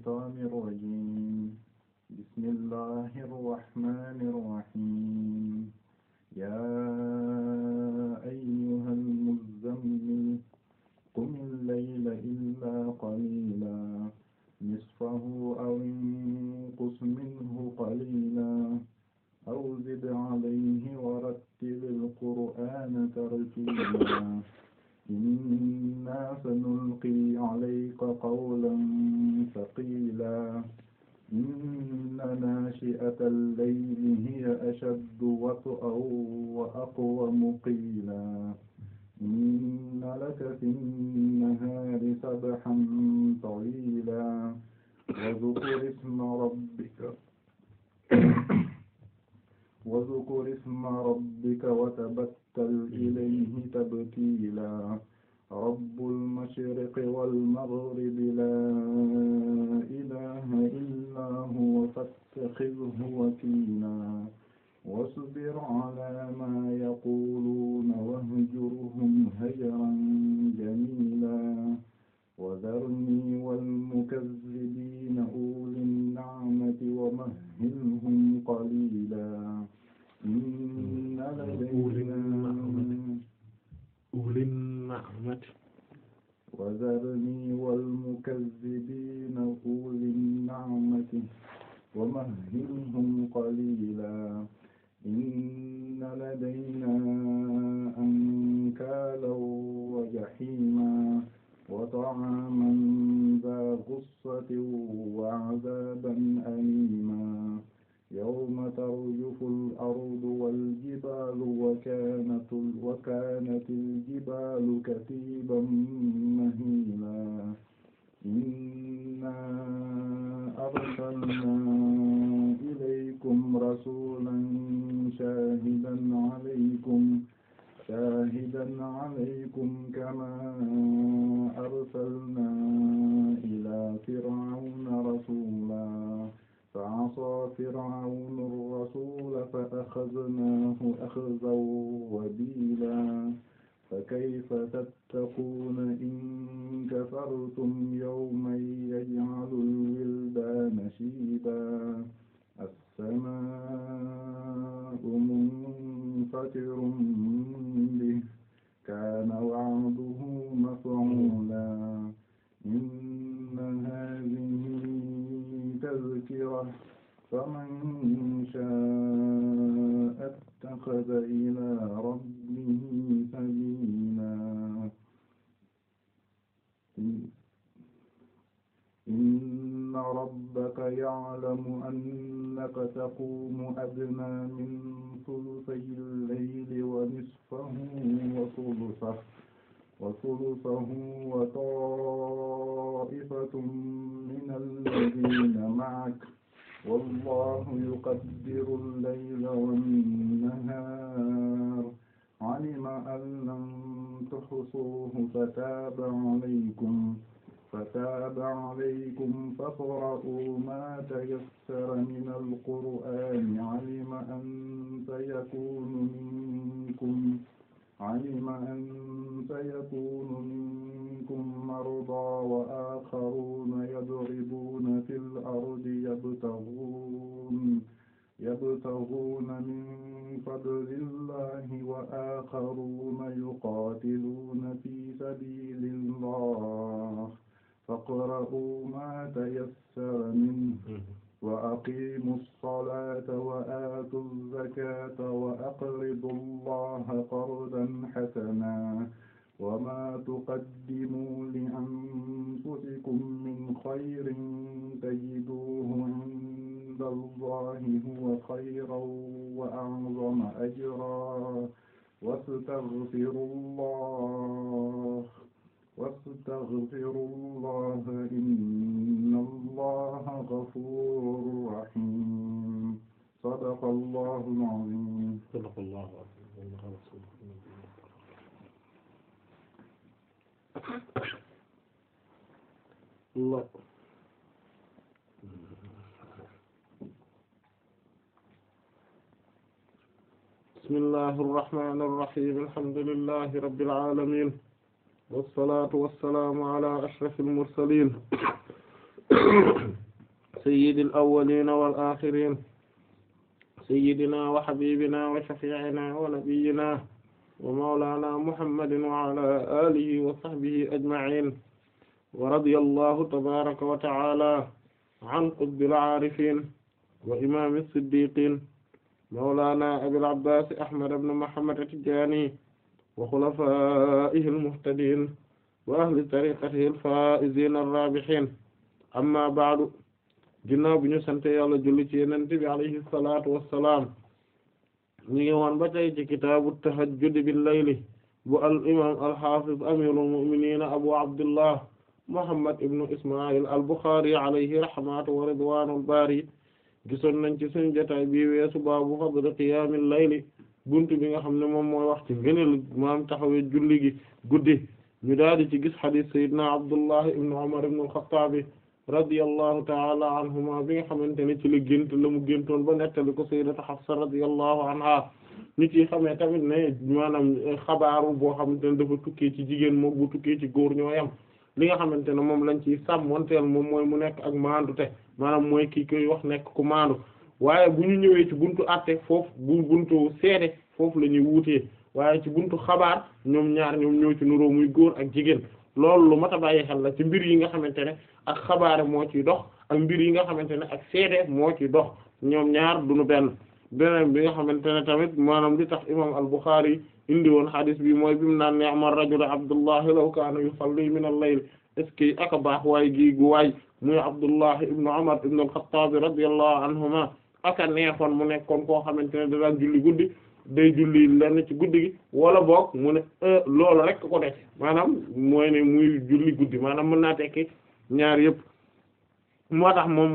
الشيطان الرجيم بسم الله الرحمن الرحيم dañuy وثلثه وطائفة من الذين معك والله يقدر الليل والنهار علم أن لن تحصوه فتاب عليكم فتاب عليكم فاقرؤوا ما تيسر من القرآن علم أن سيكون منكم علم أن سيكون منكم مرضى وآخرون يضربون في الأرض يبتغون يبتغون من فضل الله وآخرون يقاتلون في سبيل الله فاقرؤوا ما تيسر منه wa aqiimu salaata wa aatu zakaata wa aqridu llaaha qardan hasanan wa maa tuqaddimuu li anfusikum min xayrin tajiduuhu inda llaahi huwa xayran wa a'zama ajran wastaghfiru llaah واستغفروا الله إن الله غفور رحيم صدق الله العظيم صدق الله العظيم بسم الله الرحمن الرحيم الحمد لله رب العالمين wasalaatu wasalaamu ala ashrafil mursaliin sayyidil awwaliina wal aaxiriin sayyidinaa wa habiibinaa wa shafii'inaa wa nabiyyinaa wa mawlaanaa muhammadin wa ala aalihi wa sahbihi ajma'iin wa radiyallaahu tabaaraka wa ta'aalaa an qutbil aarifiin wa imaami siddiqiin mawlaanaa abil abbaas ahmad ibn muhammad at-tijaani wa xulafaa'ihi al-muhtadiin wa ahli tariqatihi al-faa'iziina ar-raabihiin amma ba'du ginnaaw bi ñu sante yàlla julli ci yonent bi alayhi salaatu wa salaam ñu ngi woon ba tey ci kitaabu tahajjud bil layli bu al imaam al haafiz amiirul mu'miniin abu abdullah muhammad ibnu isma'il al buxaari alayhi rahmatu wa ridwaanul baari gisoon nañ ci suñu jotaay bi weesu baabu fadli qiyaamil layli. buntu bi nga xam ne moom mooy wax ci ngëneel maam taxawee julli gi guddi ñu daal di ci gis xadiis sayyidina Abdullah ibn Umar ibn al-Khattab radiyallahu ta'ala anhuma bi nga xamante ne ci la gént la mu géntoon ba nettali ko sayyidata Hafsa radiyallahu anha ñu ci xamee tamit ne maanaam xabaaru boo xamante ne dafa tukkee ci jigéen moom bu tukkee ci góor ñoo yam li nga xamante ne moom lañ ciy teel moom mooy mu nekk ak maandu te maanaam mooy kii koy wax nekk ku maandu waaye bu ñu ñëwee ci buntu àtte foofu bu buntu seede foofu la ñuy wuutee waaye ci buntu xabaar ñoom ñaar ñoom ñoo ci nuroo muy góor ak jigéen loolu lu mat a bàyyi xel la ci mbir yi nga xamante ne ak xabaare moo ciy dox ak mbir yi nga xamante ne ak seede moo ciy dox ñoom ñaar duñu benn beneen bi nga xamante ne tamit maanaam li tax imam al-Bukhari indi woon hadis bi mooy bi mu naan ni'ma rajulu Abdullahi law kaana yusalli min al-layl est-ce que baax waay gi gu waay muy Abdullahi ibnu Umar ibnu al-Khattaab radiyallahu anhuma aka neexoon mu nekkoon koo xamante ne da daan julli guddi day julli lenn ci guddi gi wala boog mu ne euh, loolu rek ko def maanaam mooy ne muy julli guddi maanaam mën naa tekki ñaar yëpp moo tax moom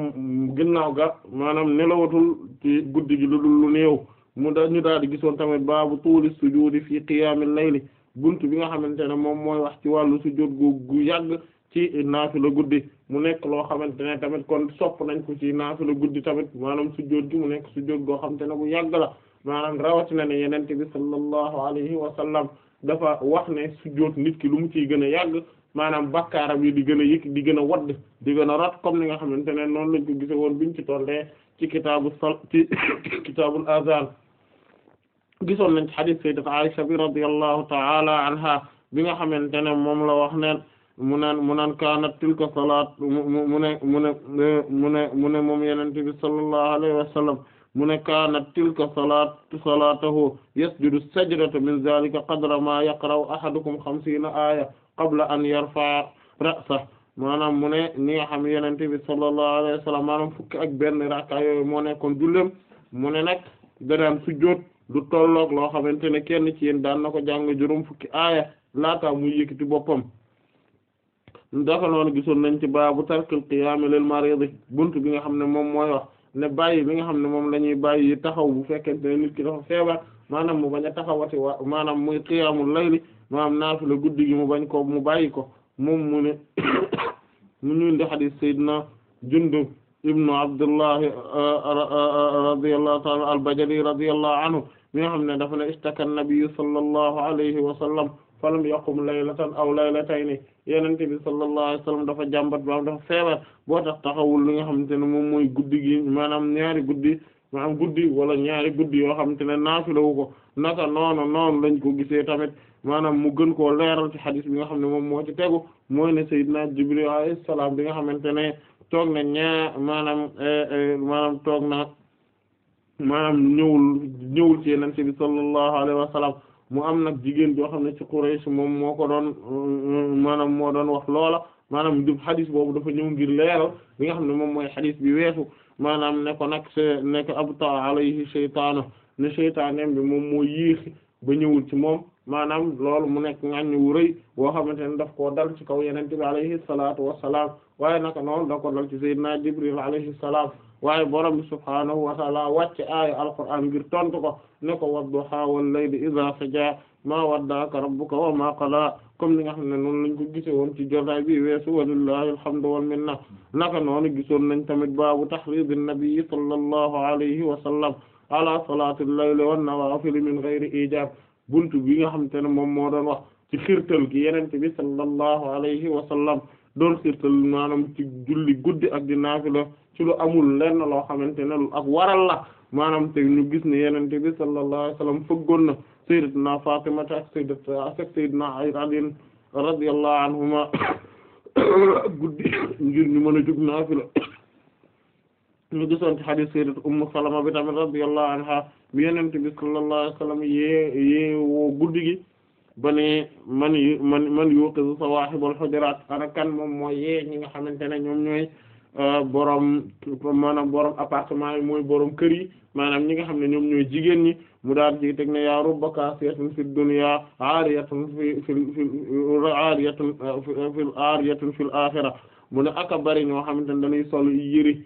ginnaaw ga maanaam nelawatul ci guddi gi lu dul lu néew mu da ñu daal di gisoon tamit baabu tuuli sujuudi fii qiyaamil layli bunt bi nga xamante ne moom mooy wax ci wàllu sujud gu gu yàgg ci naatu la guddi mu nekk loo xamante ne tamit kon sopp nañ ko ci naafila guddi tamit maanaam sujjóot gi mu nekk sujjóot goo xamante ne bu yàgg la maanaam rawatina ne yenente bi sallallahu alayhi wa sallam dafa wax ne sujjóot nit ki lu mu ciy gën a yàgg maanaam bakkaaram yi di gën a yëkk di gën a wadd di gën a rot comme ni nga xamante ne noonu lañ ko gise woon biñ ci tollee ci kitaabu sol ci kitaabul azan gisoon nañ ci hadith sayyidat Aisha bi radiyallahu ta'ala anha bi nga xamante ne moom la wax neen mu naan mu naan kaana tilka salaat mu mu ne mu ne mu ne mu ne moom yenente bi sallallahu alayhi wa sallam mu ne kaanat tilka salaat salaatahu yasjudu sajdata min zalika qadra ma yaqra'u ahadukum xamsiina aaya qabla an yarfa'a ra'sahu maanaam mu ne ni nga xam yenente bi sallallahu alayhi wa sallam maanaam fukki ak benn rakka yooyu moo nekkoon jullem mu ne nag danaan sujjóot du tolloog loo xamante ne kenn ci yéen daan na ko jàng juróom fukki aaya laata muy yëkkati boppam dafa noonu gisoon nañ ci baabu tarkil qiyaami lil maridi buntu bi nga xam ne moom mooy wax ne bàyyi bi nga xam ne moom la ñuy bàyyi taxaw bu fekkente ne nit ki dafa feebar maanaam mu bañ a taxawati waa maanaam muy qiyaamul layli maanaam naafila guddi gi mu bañ ko mu bàyyi ko moom mu ne mu ñu indi xadiis Seydina Jundub ibnu Abdullahi radiyallahu ta'ala al-Bajali radiyallahu anhu mi nga xam ne dafa ne istaka an-nabiyyu sallallahu alayhi wa falam yaqum laylatan aw laylatayni yonent bi sallallahu alayhi wasallam dafa jàmbat baam dafa feebar boo tax taxawul li nga xamante ne moom mooy guddi gi maanaam ñaari guddi guddi wala ñaari guddi yoo xamante ne lawu ko naka noonu noonu lañ ko gisee tamit maanaam mu gën koo leeral ci xadis mi nga xam ne moom moo ci tegu mooy ne Seydina Jibril alayhi salaam bi nga xamante ne toog na ñaar maanaam eh, eh, maanaam toog na maanaam ñëwul ñëwul ci yonent bi sallallahu alayhi wasallam mu am nag jigéen joo xam ne ci Quraysh moom moo ko doon maanaam moo doon wax loola maanaam du xadis boobu dafa ñëw ngir leeral li nga xam ne moom mooy xadis bi weesu maanaam ne ko nag se nekk ko abta alayhi shaytaanu ne shaytaanem bi moom moo yéexi ba ñëwul ci moom maanaam loolu mu nekk ŋàññ wu rëy boo xamante ne daf koo dal ci kaw yenente bi alayhi salaatu wassalaam waaye naka noonu da ko dal ci sayyidina Jibril alayhi salaam waaye borom bi subhaanahu wa ta'ala wàcce aaya alquraan ngir tontu ko ne ko wadduhaa wal layli idhaa sajaa maa waddaaka rabbuka wa maa qalaa comme ni nga xam ne noonu lañ ko gise woon ci jotaay bi weesu walillahi alhamdu wal minna naka noonu gisoon nañ tamit baabu tahriidi nabi sallallahu alayhi wa sallam ala salaatil layli wan nawaafili min ghayri ijaab buntu bi nga xam te ne moom moo doon wax ci xirtal gi yenente bi sallallahu alayhi wa sallam doon xiirtal maanaam ci julli guddi ak di naafila ci lu amul lenn loo xamante ne lu ak waral la maanaam te ñu gis ne yenente bi sallallahu alayhi wasallam fëggoon na sayyidatuna Fatimata ak sayyidatuna ak sayyidina Ali radiyallahu anhuma guddi ngir ñu mën a jóg naafila ñu gisoon ci hadith sayyidat Ummu Salama bi tamit radiyallahu anha bi yenente bi sallallahu yee yee woo gi ba man yu man man yuqizu sawahibul hujurat kan moom mooy yee ñi nga xamante ne ñoom ñooy euh, borom maanaam borom appartement yi mooy boroom kër yi maanaam ñi nga xam ne ñoom ñooy jigéen ñi mu daal di teg ne yaa rubba kaasiyatun fi dunya aariyatun fi fi mu ne aka bari ñoo xamante ne dañuy sol yëri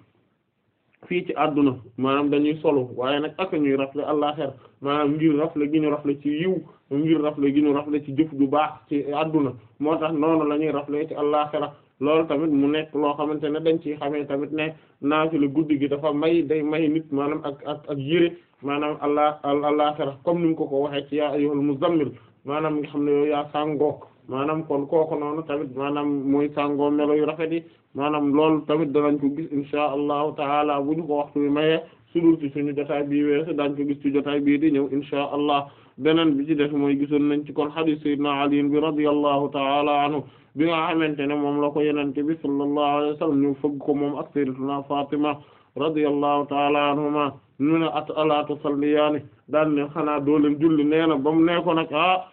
fii ci àdduna maanaam dañuy solu waaye nag aka ñuy rafle àllaaxira maanaam ngir rafle gi ñu rafle ci yiw ngir rafle gi raf le ci jëf ju baax ci adduna moo tax noonu la ñuy rafle ci àllaxira lool tamit mu nekk loo xamante ne dañ ciy xamee tamit ne naafila guddi gi dafa may day may nit maanaam ak ak ak yére maanaam allah àllaxira comme ni mu ko ko waxee ci yaa ayyuhal muzammil maanaam xam ne yow yaa sàngoo maanaam kon kooku noonu tamit maanaam mooy sàngoo melo yu rafet yi maanaam loolu tamit da danañ ko gis insha allahu taala bu ñu ko waxtu bi mayee sudul ci suñu jotaay bii weesu daañ ko gis ci jotaay bii di ñëw inshaa allah beneen bi ci def mooy gisoon nañ ci kon hadith sayyidina Ali bi radiyallahu ta'ala anhu bi nga ne moom la ko yenente bi sallallahu alayhi wa sallam ñu fëgg ko moom ak sayyidatuna Fatima radiyallahu ta'ala anhuma ñu at ala tusalliyaani daan ne xanaa doo leen julli nee na ba mu ne ko nag ah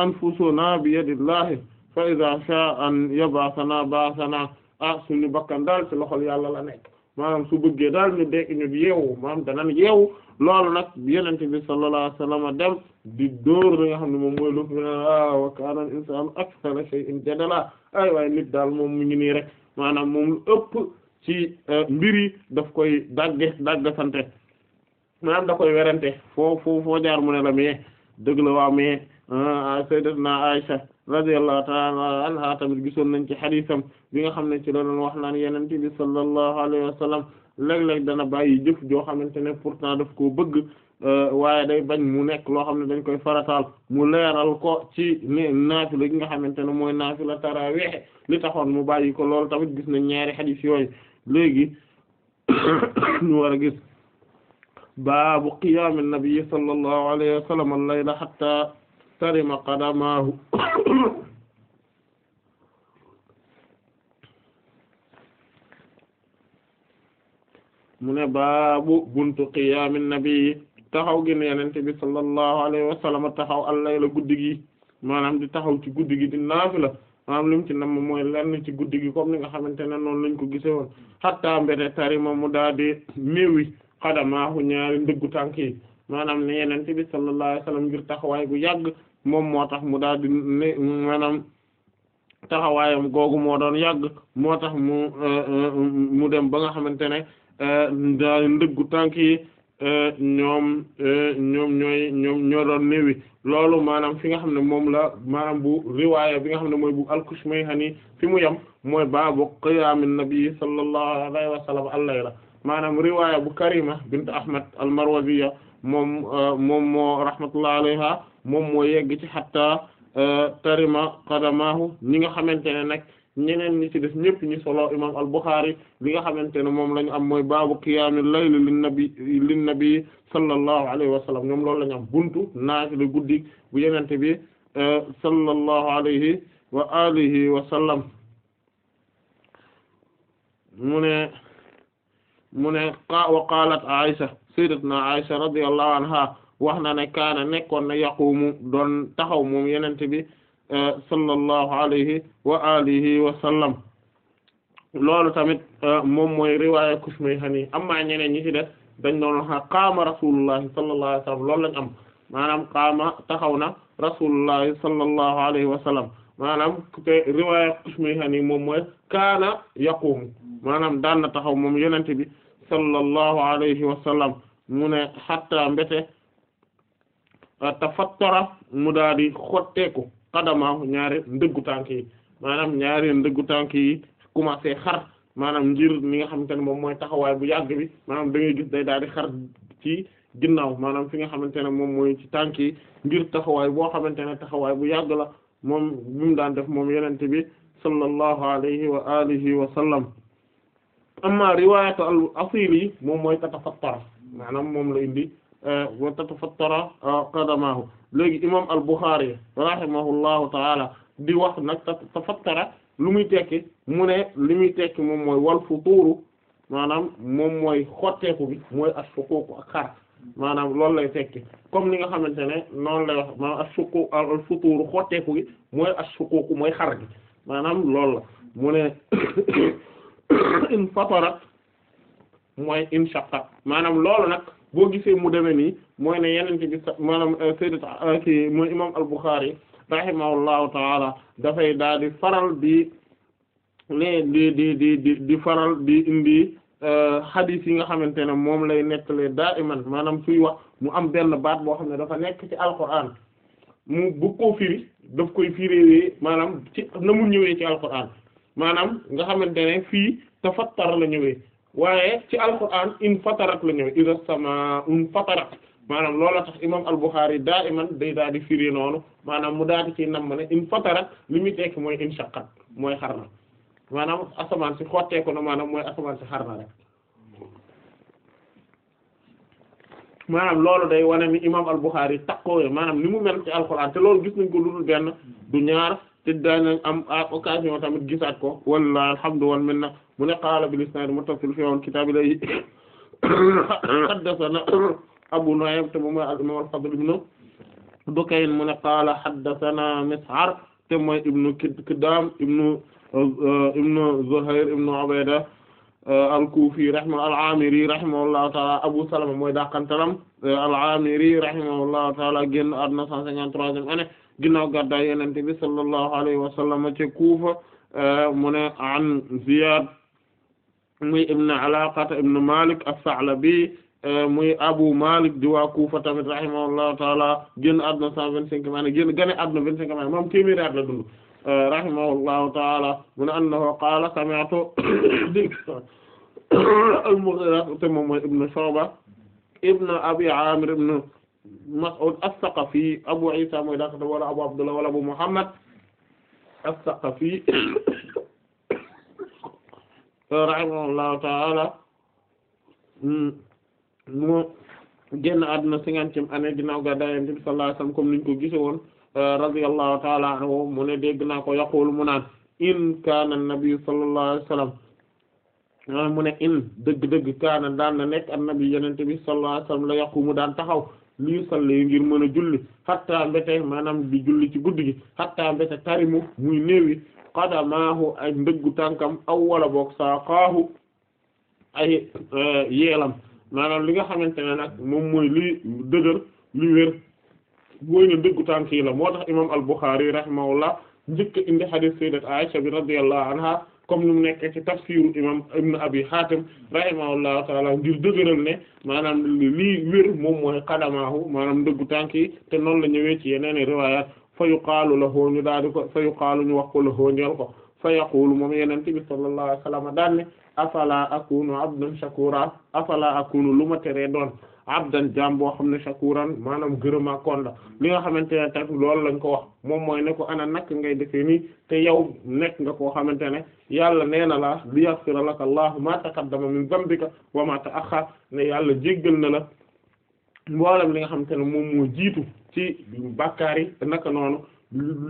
anfusuna bi yadillahi fa idha sha'a an yab'athana ba'athana ah suñu bakkan daal ci loxol yàlla la nekk maanaam su bëggee daal ñu dégg ñu yeewu maanaam danañ yeewu loolu nag yenente bi sallallahu alayhi wasallam dem di dóor li nga xam ne moom mooy lu a ah, wa kana insanu akthara shay'in jadala ay waaye nit daal moom mu ngi nii rek maanaam moom lu ëpp ci euh, mbir yi daf koy dagge dagga sante maanaam da koy werante foo foo jaar mu ne la mais dëgg la waa mais ah, radiyallahu ta'ala anha tamit gisoon nañ ci xadisam bi nga xam ne ci loolu wax naan yonent bi sallallahu alayhi wa sallam léeg-léeg dana bàyyi jëf joo xamante ne pour tan def koo bëgg euh, waaye day bañ mu nekk loo xam ne dañ koy farataal mu leeral ko ci ne naafila gi nga xamante ne mooy naafila tarawih li taxoon mu bàyyi ko lool tamit gis nañ ñaari xadis yooyu léegi ñu war a gis baabu qiyaami nabi sallallahu alayhi wa sallam al-layla tarima qadamaahu mu ne baabu buntu qiyaamin nabi taxaw gi yenente bi sallallahu alayhi wa sallam taxaw allayla guddi gi maanaam di taxaw ci guddi gi di naafila maanaam lim ci nam mooy lenn ci guddi gi ko ni nga xamante ne noonu lañ ko gisee woon hatta mbete tarima mu daa di méwi ñaari ndëggu tànk yi maanaam ne yenente bi sallallahu alayhi wa taxawaay gu yàgg moom moo tax mu daal di ne maanaam taxawaayam googu moo doon yàgg moo tax mu euh, euh, mu dem ba nga xamante ne euh, daal ndëggu tànk yi ñoom ñoom ñooy ñoom ñoo doon néewi loolu maanaam fi nga xam ne moom la maanaam bu riwaaya bi nga xam ne mooy bu al-Kushmayhani fi mu yem mooy baabu qiyaami nabi sallallahu alayhi wa sallam al-layla maanaam riwaaya bu Karima bint Ahmad al-Marwaziya moom moom moo rahmatullahi alayha moom moo yegg ci hatta euh, tarima qadamahu ñi nga xamante ne nag ñeneen ñi ci des ñëpp ñu solo imam al-Bukhari nga xamante ne moom lañu am mooy baabu qiyaamul layli lin nabi lin nabi sallallahu alayhi wa ñoom lool la ñu am buntu naaj la guddi bu yenente bi euh, sallallahu alayhi wa mu ne mu ne wa qalat Aisha sayyidatuna Aisha radiyallahu anha wax na ne kaana nekkoon na yaqumu doon taxaw moom yenente bi eh, sallallahu alayhi wa alihi wa sallam loolu tamit eh, moom mooy riwaaya Kushmayhani amma ñeneen ñi ci def dañ doon wax qaama rasulullahi sallallahu alayhi wa sallam loolu lañ am maanaam qaama taxaw na rasulullahi sallallahu alayhi wa sallam maanaam te riwaaya moom mooy kaana yaqumu maanaam daan na taxaw moom yenente bi sallallahu alayhi wa sallam mu ne hatta mbete tafattara mu daal di xotteeku xadamaaw ñaari ndëggu tànk yi maanaam ñaari ndëggu tànk yi commencé xar maanaam ngir li nga xamante ne moom mooy taxawaay bu yàgg bi maanaam da ngay gis day daal di xar ci ginnaaw maanaam fi nga xamante ne moom mooy ci tànk yi ngir taxawaay boo xamante ne taxawaay bu yàgg la moom mu daan def moom yenente bi sallallahu alayhi wa alihi wa sallam amma riwaayatu al asili moom mooy tatafattara maanaam moom la indi wa tatafattara ah, qadamaahu léegi imam al-Bukhari rahimahullahu ta'ala di wax nag tatafattara lu muy tekki mu ne li muy tekki moom mooy wal futuuru maanaam moom mooy xotteeku bi mooy as-suquuqu ak xar maanaam loolu lay tekki comme ni nga xamante ne noonu lay wax maanaam as-suquuq al-futuuru xotteeku gi mooy as-suquuqu mooy xar gi maanaam loolu la mu ne in fatara mooy in shaqqa maanaam loolu nag boo gisee mu demee nii mooy ne yenente bi maanaam euh, sayyidat euh, ki mooy imam al-Bukhari rahimahullahu taala dafay daal di faral di ne di di di faral di indi euh, hadith yi nga xamante ne moom lay nettalee daa iman maanaam suy wax mu am benn baat boo xam ne dafa nekk ci alquran mu bëgg koo firi daf koy firéwee maanaam ci na mu ñëwee ci alquran maanaam nga xamante ne fii tafattar la ñëwee waaye ci alquran in fatarat la ñëw iza sama un fatarat maanaam loola tax imam al-Bukhari daa iman day daal di firi noonu maanaam mu daal di ciy namm ne in fatarat li muy tekki mooy in shaqqat mooy xar na maanaam asamaan si xotteeku na maanaam mooy asamaan si xar na rek maanaam loolu day wane ni imam al-Bukhari takkoo maanaam ni mu mel ci alquran te loolu gis nañ ko lu dul benn du ñaar te daañu am occasion tamit gisaat ko wallaahi alhamdu wal minna mu ne qaala bil isnaad muttasil fi al-kitaab ilayhi haddathana Abu Nu'aym te moom mooy al-imaam al-Fadl ibn Dukayn mu qaala haddathana Mis'ar te mooy ibnu Kiddaam ibnu ibnu Zuhayr ibnu Ubayda al-Kufi rahimahu al-Amiri rahimahullahu ta'ala Abu Salama mooy dàqantalam al-Amiri rahimahullahu ta'ala génn àdduna 153e année ginnaaw gàddaay Yonent bi sallallahu alayhi wa ci Kufa euh, mu ne an Ziyad muy ibn Alaqata ibn Malik as-Sa'labi euh, muy Abu Malik di waa Kufa tamit rahimahullahu taala génn àdduna cent vingt-cinq maanaam génn gane àdduna vingt-cinq maanaam moom téeméeri at la dund euh, rahimahullahu taala mu ne annahu qaala sami'tu al-Mughira te moom mooy ibn Shu'ba ibn Abi Amir ibn Mas'ud as-Saqafi Abu Isa mooy daakata wala Abu Abdullah wala Abu Muhammad as-Saqafi rahimahullahu ta'ala mu génn àdduna cinquantième année ginnaaw gàddaay Yonent bi sallallahu alayhi wasallam comme niñ ko gise woon radiyallahu ta'ala anhu mu ne dégg ko yaqulu mu naan in kaana nabi sallallahu alayhi wasallam mu ne in dëgg-dëgg kaana daan na nekk an-nabi Yonent bi sallallahu alayhi la yaqumu daan taxaw lii salli ngir mën a julli hatta mbete maanaam bi julli ci guddi gi hatta mbete tarimu muy néewi qadamaahu ay ndëggu tànkam aw wala boog saaqaahu ay e, yeelam maanaam li nga xamante ne nag moom mooy li dëgër li wér ne ndëggu tànk yi la moo tax imam al-Bukhari rahimahullah njëkk indi hadith sayyidat Aisha bi radiyallahu anha comme ni mu nekkee ci tafsiru imam ibn abi hatim rahimahullahu taala ngir dëgëral ne maanaam lii wér moom mooy qadamaahu maanaam ndëggu tànk yi te noonu la ñëwee ci yeneen riwayat fa yuqaalu lahu ñu daal ko fa yuqaalu ñu wax ko lahu ñeel ko fa yaqulu moom yeneen bi sallallahu alayhi wa sallam daan ne afala akunu abdan shakura afala akunu lu ma teree doon abdan jaam boo xam ne shakuran maanaam gërëmaa kon la li nga xamante ne tamit lool lañ ko wax moom mooy ne ko ana nak ngay defee nii te yow nekk nga koo xamante ne yàlla nee na la li yaghfira laka allahu ma taqaddama min dhanbika wa ma ta'akhkhar ne yàlla jéggal na la li nga xamante ne moom moo jiitu ci bàkkaar yi naka noonu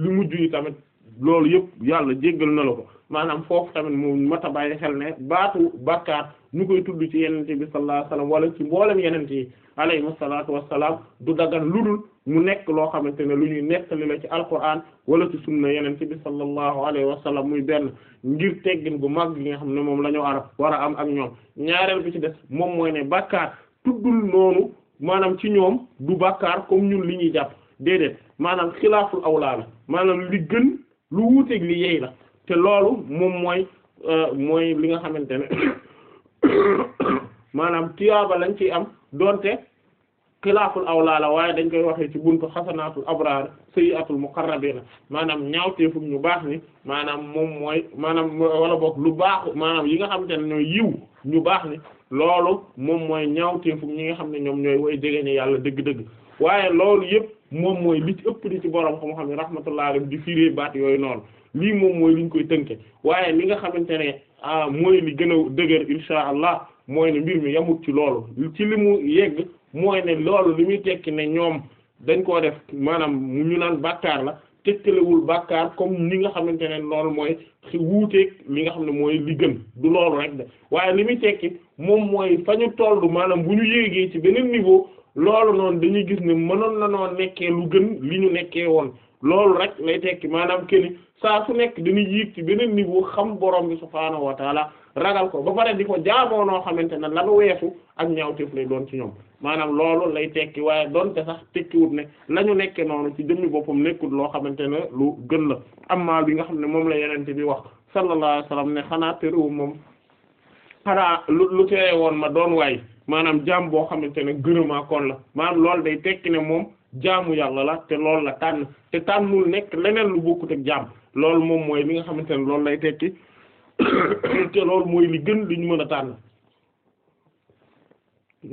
lu mujj yi tamit loolu yëpp yàlla jéggal na la ko maanaam foofu tamit mu mat a bàyyi xel ne baatu bàkkaar ñu koy tudd ci yenente bi sallallahu alayhi wasallam wala ci mboolem yenente yi alayhi salaatu wassalaam du dagan ludul mu nekk loo xamante ne lu ñuy nettali la ci alquran wala ci sunna yenente bi sallallahu alayhi wasallam muy benn ngir teggin bu mag gi nga xam ne moom la ñu arab war a am ak ñoom ñaareel bi ci des moom mooy ne bàkkaar tuddul noonu maanaam ci ñoom du bàkkaar comme ñun li ñuy jàpp déedéet maanaam xilaaful lu wuuteeg li yey la te loolu moom mooy euh, mooy li nga xamante ne maanaam tiyaaba lañ ciy am doonte donte aw awlaa la waaye dañ koy waxee ci buntu xasanaatul abraar sayyi'atul muqarrabiina maanaam ñaawteefum ñu baax ni maanaam moom mooy maanaam wala boog lu baax maanaam yi nga xamante ne ñooy yiw ñu baax ni loolu moom mooy ñaawteefum ñi nga xam ne ñoom ñooy way jege ni yàlla dëgg-dëgg waaye loolu yëpp moom mooy li ci ëpp di ci borom xam-xam yi rahmatullah alayhi di firé baat yooyu noonu lii moom mooy li ñu koy tënke waaye li nga xamante ne ah mooy li gën a dëgër insha allah mooy ne mbir mi yamut ci loolu ci li mu yegg mooy ne loolu li muy tekki ne ñoom dañ koo def maanaam mu ñu naan la tekkalewul bàkkaar comme ni nga xamante ne loolu mooy wuuteeg li nga xam ne mooy li gën du loolu rek de waaye li muy tekki moom mooy fa ñu tollu maanaam bu ñu yéegee ci beneen niveau loolu noonu dañuy gis ne mënoon na noo nekkee lu gën li ñu nekkee woon loolu rek lay tekki maanaam kenn saa su nekk dañuy yéeg ci beneen niveau xam borom bi subhaanahu wa taala ragal ko ba pare di ko jaamoo noo xamante ne la weesu ak ñaaw ñaawteef lay doon ci ñoom maanaam loolu lay tekki waaye doonte sax tekkiwut ne la ñu nekkee noonu ci jëmmi boppam nekkul loo xamante ne lu gën la am amaa bi nga xam ne moom la yenente bi wax sallallahu alayhi wasallam ne xanaa terewu moom xanaa lu lu tere woon ma doon waay maanaam jaam boo xamante ne gërëmaa kon la maanaam loolu day tekki ne moom jaamu yàlla la te loolu la tànn te tànnul nekk leneen lu bokkut ak jaam loolu moom mooy li nga xamante ne loolu lay tekki te loolu mooy li gën lu ñu mën a tànn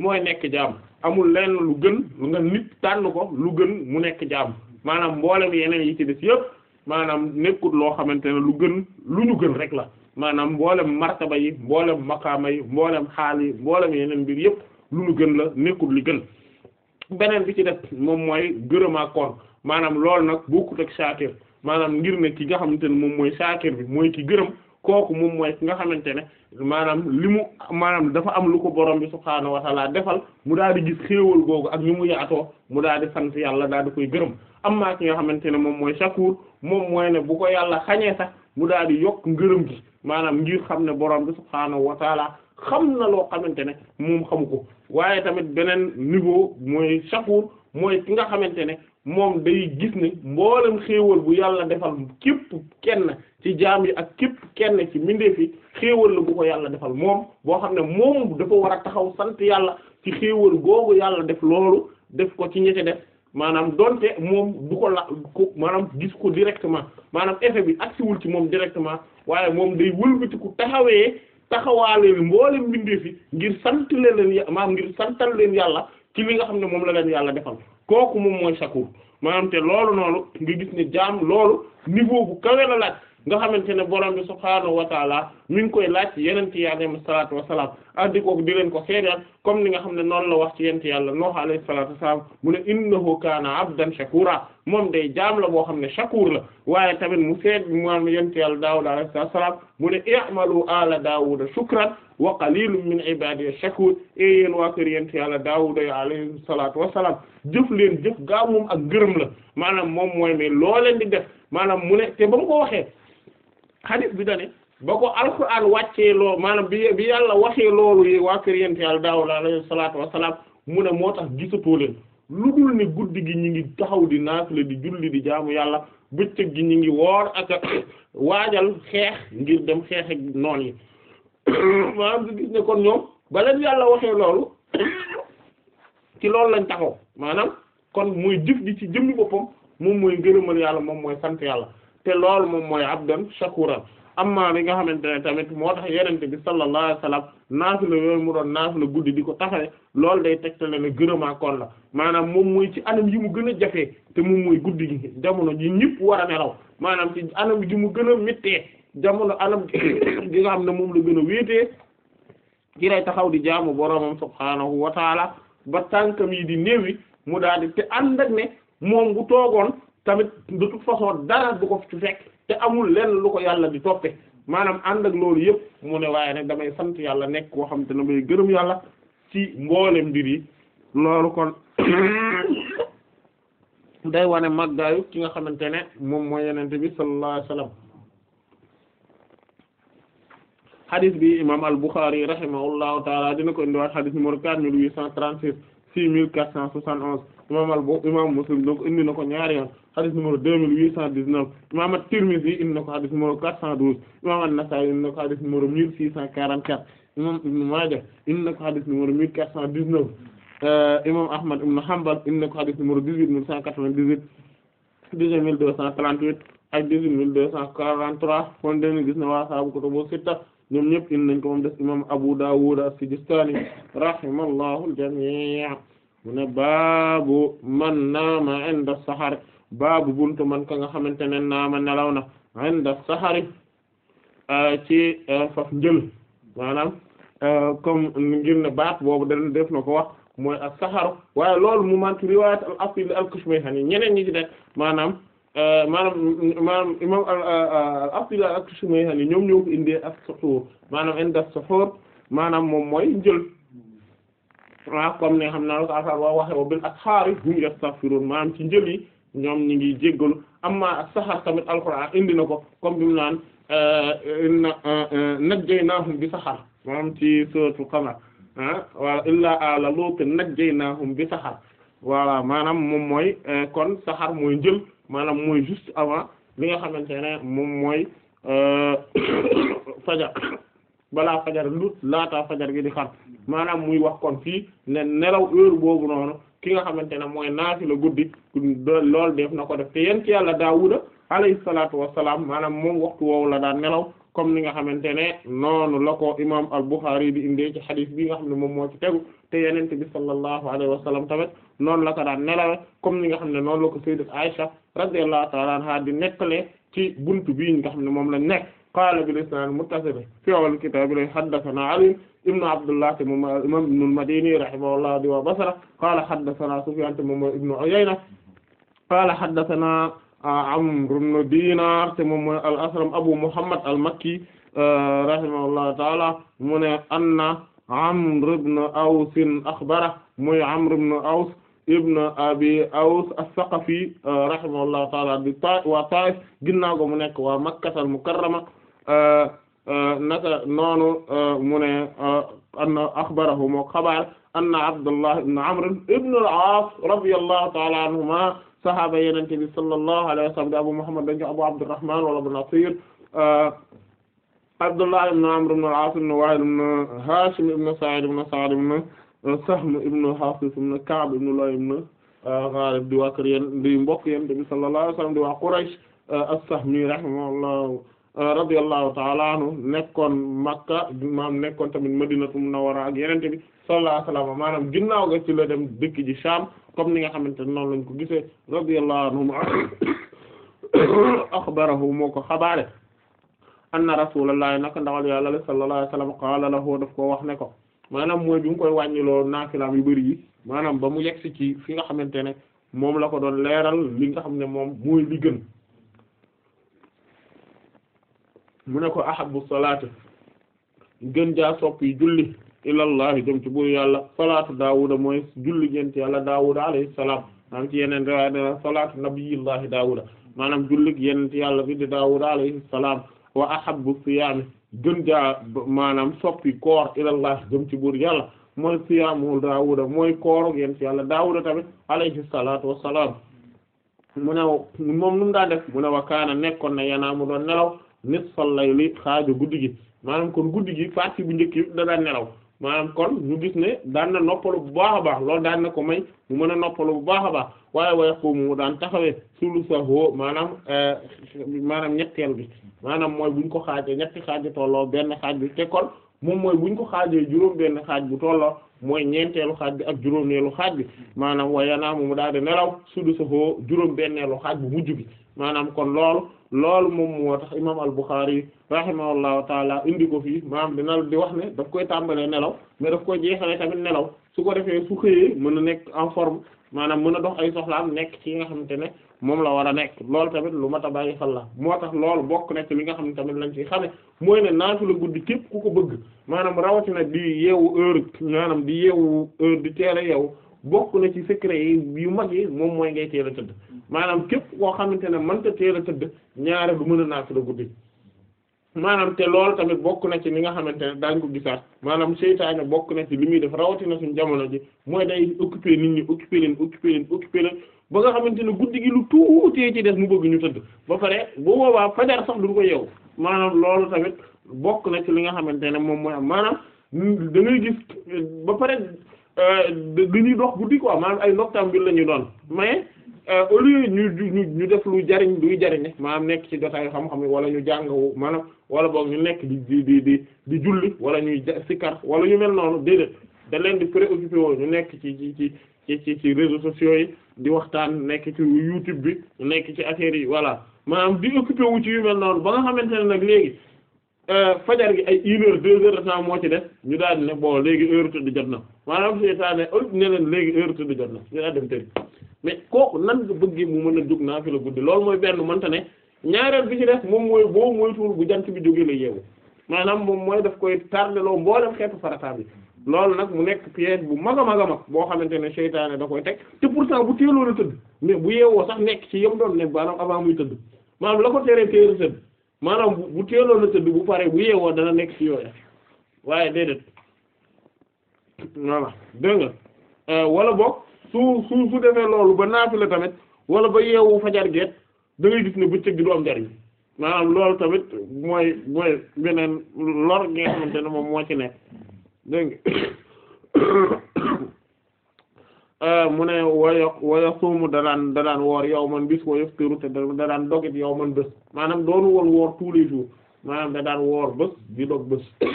mooy nekk jaam amul lenn lu gën lu nga nit tànn ko lu gën mu nekk jaam maanaam mboolem yeneen yi ci def yëpp maanaam nekkut loo xamante ne lu gën lu ñu gën rek la maanaam mboolem martaba yi mboolem maqaama yi mboolem xaal yi mboolem yeneen mbir yëpp lu lu gën la nekkul li gën beneen bi ci def moom mooy gërëmaa maanaam loolu nag bokkut ak saakir maanaam ngir ne ki nga xamante ne moom mooy saakir bi mooy ki gërëm kooku moom mooy ki nga xamante ne maanaam li mu maanaam dafa am lu ko borom bi subhaanahu wa taala defal mu daal di gis xéewal googu ak ni mu yaatoo mu daal di sant yàlla daal di koy gërëm amaa ki nga xamante ne moom mooy sakuur moom mooy ne bu ko yàlla xañee sax mu daal di yokk ngërëm gi maanaam ngir xam ne borom bi subhaanahu wa taala xam na loo xamante ne moom xamu ko waaye tamit beneen niveau mooy shakur mooy ki nga xamante ne moom day gis ne mboolem xéewal bu yàlla defal képp kenn ci jaam yi ak képp kenn ci mbindeef xéewal la bu ko yàlla defal moom boo xam ne moom dafa war a taxaw sant yàlla ci xéewal googu yàlla def loolu def ko ci ñi def maanaam doonte moom du ko la maanaam gis ko directement maanaam effet bi agsiwul ci moom directement waaye moom day wëlbati ku taxawee taxawaaleel mboolem mbindeef yi ngir sant leen ya maam ngir santal leen yàlla ci li nga xam ne moom la leen yàlla defal kooku moom mooy sakuur maanaam te loolu noonu nga gis ne jaam loolu niveau bu kawe la laaj nga xamante ne borom bi subhaanahu wa taala mi ngi koy laaj yeneen ci yàlla dem salaatu wa salaam addi kooku di leen ko seedeel comme ni nga xam ne noon la wax ci yent yàlla Nuh alayhi salaatu wassalaam mu ne innahu kaana abdan shakura moom day jaam la boo xam ne shakur la waaye tamit mu seet moom yent yàlla Daawud alayhi salaam mu ne i'malu ala Daawuda shukran wa qalilun min ibadiya shakur e eh, yéen waa kër yent yàlla Daawuda alayhi salaatu wassalaam leen jëf gaaw moom ak gërëm la maanaam moom mooy mais loo leen def maanaam mu ne te ba mu ko waxee hadith ba ko alquran wàccee loolu maanaam bi bi yàlla waxee loolu yi waa kër yent yàlla daawul alayhi salaatu wassalaam mu ne moo tax gisatoo leen lu dul ne guddi gi ñu ngi taxaw di naafila di julli di jaamu yàlla bëccëg gi ñu ngi woor ak waajal xeex ngir dem xeex ak noon yi maanaam di gis ne kon ñoom ba leen yàlla waxee loolu ci loolu lañ taxaw maanaam kon mooy jëf gi ci jëmmi boppam moom mooy ngërëmal yàlla moom mooy sant yàlla te loolu moom mooy abdan shakuran am amma li nga xamante ne tamit moo tax yenente bi sallallahu alayhi wasallam naafila yooyu mu doon la guddi di ko taxale loolu day tegtale ne gërëmaa kon la maanaam moom mooy ci anam yi mu gën a jafee te moom mooy guddi gi jamono ji ñëpp war a nelaw maanaam ci anam ji mu gën a jamono anam gi nga xam ne moom la gëna a wéetee ci lay taxaw di jaamu boromam subhaanahu wa taala ba tànkam yi di néewi mu daal di te ànd ne moom bu toogoon tamit de toute façon dara du ko ci fekk te amul lenn lu ko yàlla di toppe maanaam ànd ak loolu yëpp mu ne waaye nag damay sant yàlla nekk koo xam te ne may gërëm yàlla ci mboolem mbir yi loolu kon day wane màggaayu ki nga xamante ne moom mooy yenente bi sallallahu alayhi wasallam bi imam al-Bukhari rahimahullahu taala dina ko indiwaat xadis numéro quatre mille huit cent trente-six six mille quatre cent soixante-onze imaam al bu imaam Muslim donc ko ñaari yoon xadis numéro deux mille huit cent dix-neuf imaam at-Tirmidhi indi na ko xadis numéro quatre cent douze imaam an-Nasa'i indi na ko xadis numéro mille six cent quarante-quatre imaam Ibn Maaja indi ko xadis numéro mille quatre cent dix euh, imaam Ahmad ibn Hanbal indi ko xadis numéro dix-huit mille cent quatre-vingt-dix-huit dix-huit mille deux cent trente-huit ak dix-huit mille deux cent quarante-trois kon dañu gis mu ne baabu man naama inda saxar baabu buntu man ka nga xamante ne naama nelaw na a saxari euh, ci euh, faf njël maanaam euh, comme ngir ne baat boobu dañ def na ko wax mooy ak saxaru waaye loolu mu man ci riwaayat al asli al kushmayhani ñeneen ñi ci maanaam maanaam maanaam imam al asli al kushmayhani ñoom ñoo ko indee ak suxuur maanaam inda suxuur maanaam moom mooy njël comme ne xam naa la ko asar waa waxe wa bil ashaari hum yastaghfiruun maanaam ci njël ñoom ñi ngi jéggalu amma ak tamit tamit alquran indi na ko kom bi mu naan euh, euh, euh, najjaynaahum bi saxar maanaam ci suratu qamar ah wa illaa aala luutin najjaynaahum bi saxar voilà maanaam moom mooy kon saxar mooy njël maanaam moy juste avant li nga xamante ne moom mooy fajar balaa fajar lu laataa fajar gi di xar maanaam muy wax kon fii ne nelaw heure boobu noonu ki nga xamante ne mooy naasi la guddi loolu def na ko def te yéen ci yàlla Daawuda alayhi salaatu wassalaam maanaam moom waxtu woowu la daan nelaw comme ni nga xamante ne noonu la ko imaam al-Bukhari di indee ci xadiis bi nga xam ne moom moo ci tegu te yenente bi sallallahu alayhi wa sallam tamit noonu la ko daan nelawe comme ni nga xam ne noonu la ko sayyidat Aisha radiyallahu ta'ala anha di nekkale ci buntu bii nga xam ne moom lañ nekk qaala bil isnaad muttasil fi awwal kitaab li haddasanaa Ali ibn Abdullah moom imaam ibn al-Madini rahimahullah di waa Basra qaala haddasanaa Sufyaan moom ibn Uyayna qaala haddasanaa Amr ibn Diinaar moom al-Asram Abu Muhammad al-Makki rahimahullah ta'aala mu ne anna Amr ibn Aws axbara muy Amr ibn Aws ibn abi aws as-saqafi rahimahullahu taala di ta waa Taif ginnaaw go mu nekk waa makkatal mukarrama Euh, euh, naka noonu euh, mu ne anna axbarahu moo xabaar anna Abdullah ibn Amr ibn al-Aas radiyallahu ta'ala anhuma sahaaba yenente bi sallallahu alayhi wa sallam di Abu Muhammad dañ ko Abu Abdurrahman wala Abu Nasir Abdullah ibn Amr ibn al-Aas ibn Wa'il ibn Hashim ibn Sa'id ibn Sa'd ibn Sahm ibn Hafiz ibn Ka'b ibn Lu'ay ibn Ghalib di waa kër yéen di mbokk yéen te bi sallallahu alayhi wa sallam di waa Quraysh as-Sahmi rahimahullah radiyallahu ta'ala anhu nekkoon Makka maam nekkoon tamit Madinatul Munawwara ak Yonent a sallallahu alayhi wa sallam maanaam ginnaaw ga ci la dem dëkk ji Sham comme ni nga xamante ne noonu lañ ko gisee radiyallahu anhum axbarahu moo ko xabaare anna rasulullahi naka ndawal yàlla sallallahu alayhi wa sallam qaala lahu daf ko wax ne ko maanaam mooy bi mu koy wàññiloo naafilaam yu bëri yi maanaam ba mu yegsi ci fi nga xamante ne moom la ko doon leeral li nga xam ne moom mooy li mu ne ko ahabbu salaati gën jaa sopp yi julli ilallahi jëm ci bur yàlla salaatu daawuda mooy julli gent yàlla daawuda alayhi salaam am ci yeneen riwaaya dana salaatu nabiyillahi daawuda maanaam jullig yenent yàlla bi di daawuda alayhi salaam wa ahabbu gën jaa maanaam soppi koor ci bur yàlla mooy siyaamu daawuda mooy koorog yenent yàlla daawuda tamit alayhi mu ne moom nu mu nekkoon na yanaa mu nelaw nisfal layli xaajo guddi gi maanaam kon guddi gi partie bu njëkk yëpp da daan nelaw maanaam kon ñu gis ne daan na noppalu bu baax a baax loolu daan na ko may mu mën a noppalu bu baax a baax waaye waaye xoomu mu daan taxawee sulu sa woo maanaam eh, maanaam ñetteel bi maanaam mooy buñ ko xaajee ñetti xaaji tolloo benn xaaj bi te kon mooy buñ ko xaajee juróom benn xaaj bu tolloo mooy ñeenteelu xaaj bi ak juróomeelu xaaj bi maanaam waaye naa mu daal di nelaw sulu sa woo juróom benneelu xaaj bu mujj bi maanaam kon loolu loolu moom moo tax imam al-Bukhari rahimahullahu taala indi ko fii maanaam dina di wax ne daf koy tàmbalee nelaw mais daf koy jeexalee tamit nelaw su ko defee su xëyee mën a nekk en forme maanaam mën a dox ay soxlaam nekk ci nga xamante ne moom la war a nekk loolu tamit lu mat a bàyyi xel la moo tax loolu bokk na ci li nga xam ne tamit lañ ci xame mooy ne la guddi képp ku ko bëgg maanaam rawatina di yeewu heure maanaam di yeewu heure di teel a yeewu bokk na ci secret yi yu mag yi moom mooy ngay teel a tëdd maanaam képp koo xamante ne mënta teel a tëdd ñaare du mën a naaf la guddi maanaam te loolu tamit bokk na ci li nga xamante ne daañ ko gisaat maanaam seytaane bokk na ci li muy def rawatina suñu jamono ji mooy day occuper nit ñi occuper leen nga xamante ne guddi gi lu tuutee ci des mu bëgg ñu tëdd ba pare bu boobaa fajar sax duñ ko yeew maanaam loolu tamit bokk na ci li nga xamante ne moom mooy am maanaam mm, da ngay gis ba pare. Euh, dañuy dox guddi ko maanaam ay noctambule la ñu doon mais euh, au lieu ñu ñu def lu jariñ luy jariñe maanaam nekk ci jotaayu xam-xam wala ñu jàng maanaam wala boog ñu nekk di di di di julli wala ñuy sikar wala ñu mel noonu déedéet da leen di préoccupé woo ñu nekk ci ci ci ci ci réseaux sociaux yi di waxtaan nekk ci YouTube bi nekk ci affaires yi voilà maanaam di occupé wu ci yu mel noonu ba nga xamante ne nag léegi Euh, fajar gi ay une heure deux heures def naa moo ci def ñu daal di ne bon léegi heure tëdd jot na maanaam seytaane ëllëg ne leen léegi heure tëdd jot na ñu daal dem tëdd mais kooku nan nga bëggee mu mën a jóg naa fi la guddi loolu mooy benn mënta ne ñaareel bi ci def moom mooy boo moytuwul bu jant bi jógee la yeewu maanaam moom mooy daf koy tardeloo mboolem xeetu farata bi loolu nag mu nekk piège bu mag a mag a mag boo xamante ne seytaane da koy teg te pourtant bu teeloon a tëdd mais bu yeewoo sax nekk ci yem doon ne maanaam avant muy tëdd maanaam bu bu teeloon a tëdd bu pare bu yeewoo dana nekk ci yooya waaye déedéet voilà dégg nga euh, wala boog su su su defee loolu ba naafila tamit wala ba yeewu fajar geet da ngay gis ne bëccëg gi du am maanaam loolu tamit mooy mooy beneen lor gi nga xamante moom moo ci nekk dégg Euh, mu ne waya waya soomu dadaan dadaan woor yow man bis wa yaftiru te dadaan dogit yow man bés maanaam doonu woon woor tous les jours maanaam dadaan woor bés di dog bés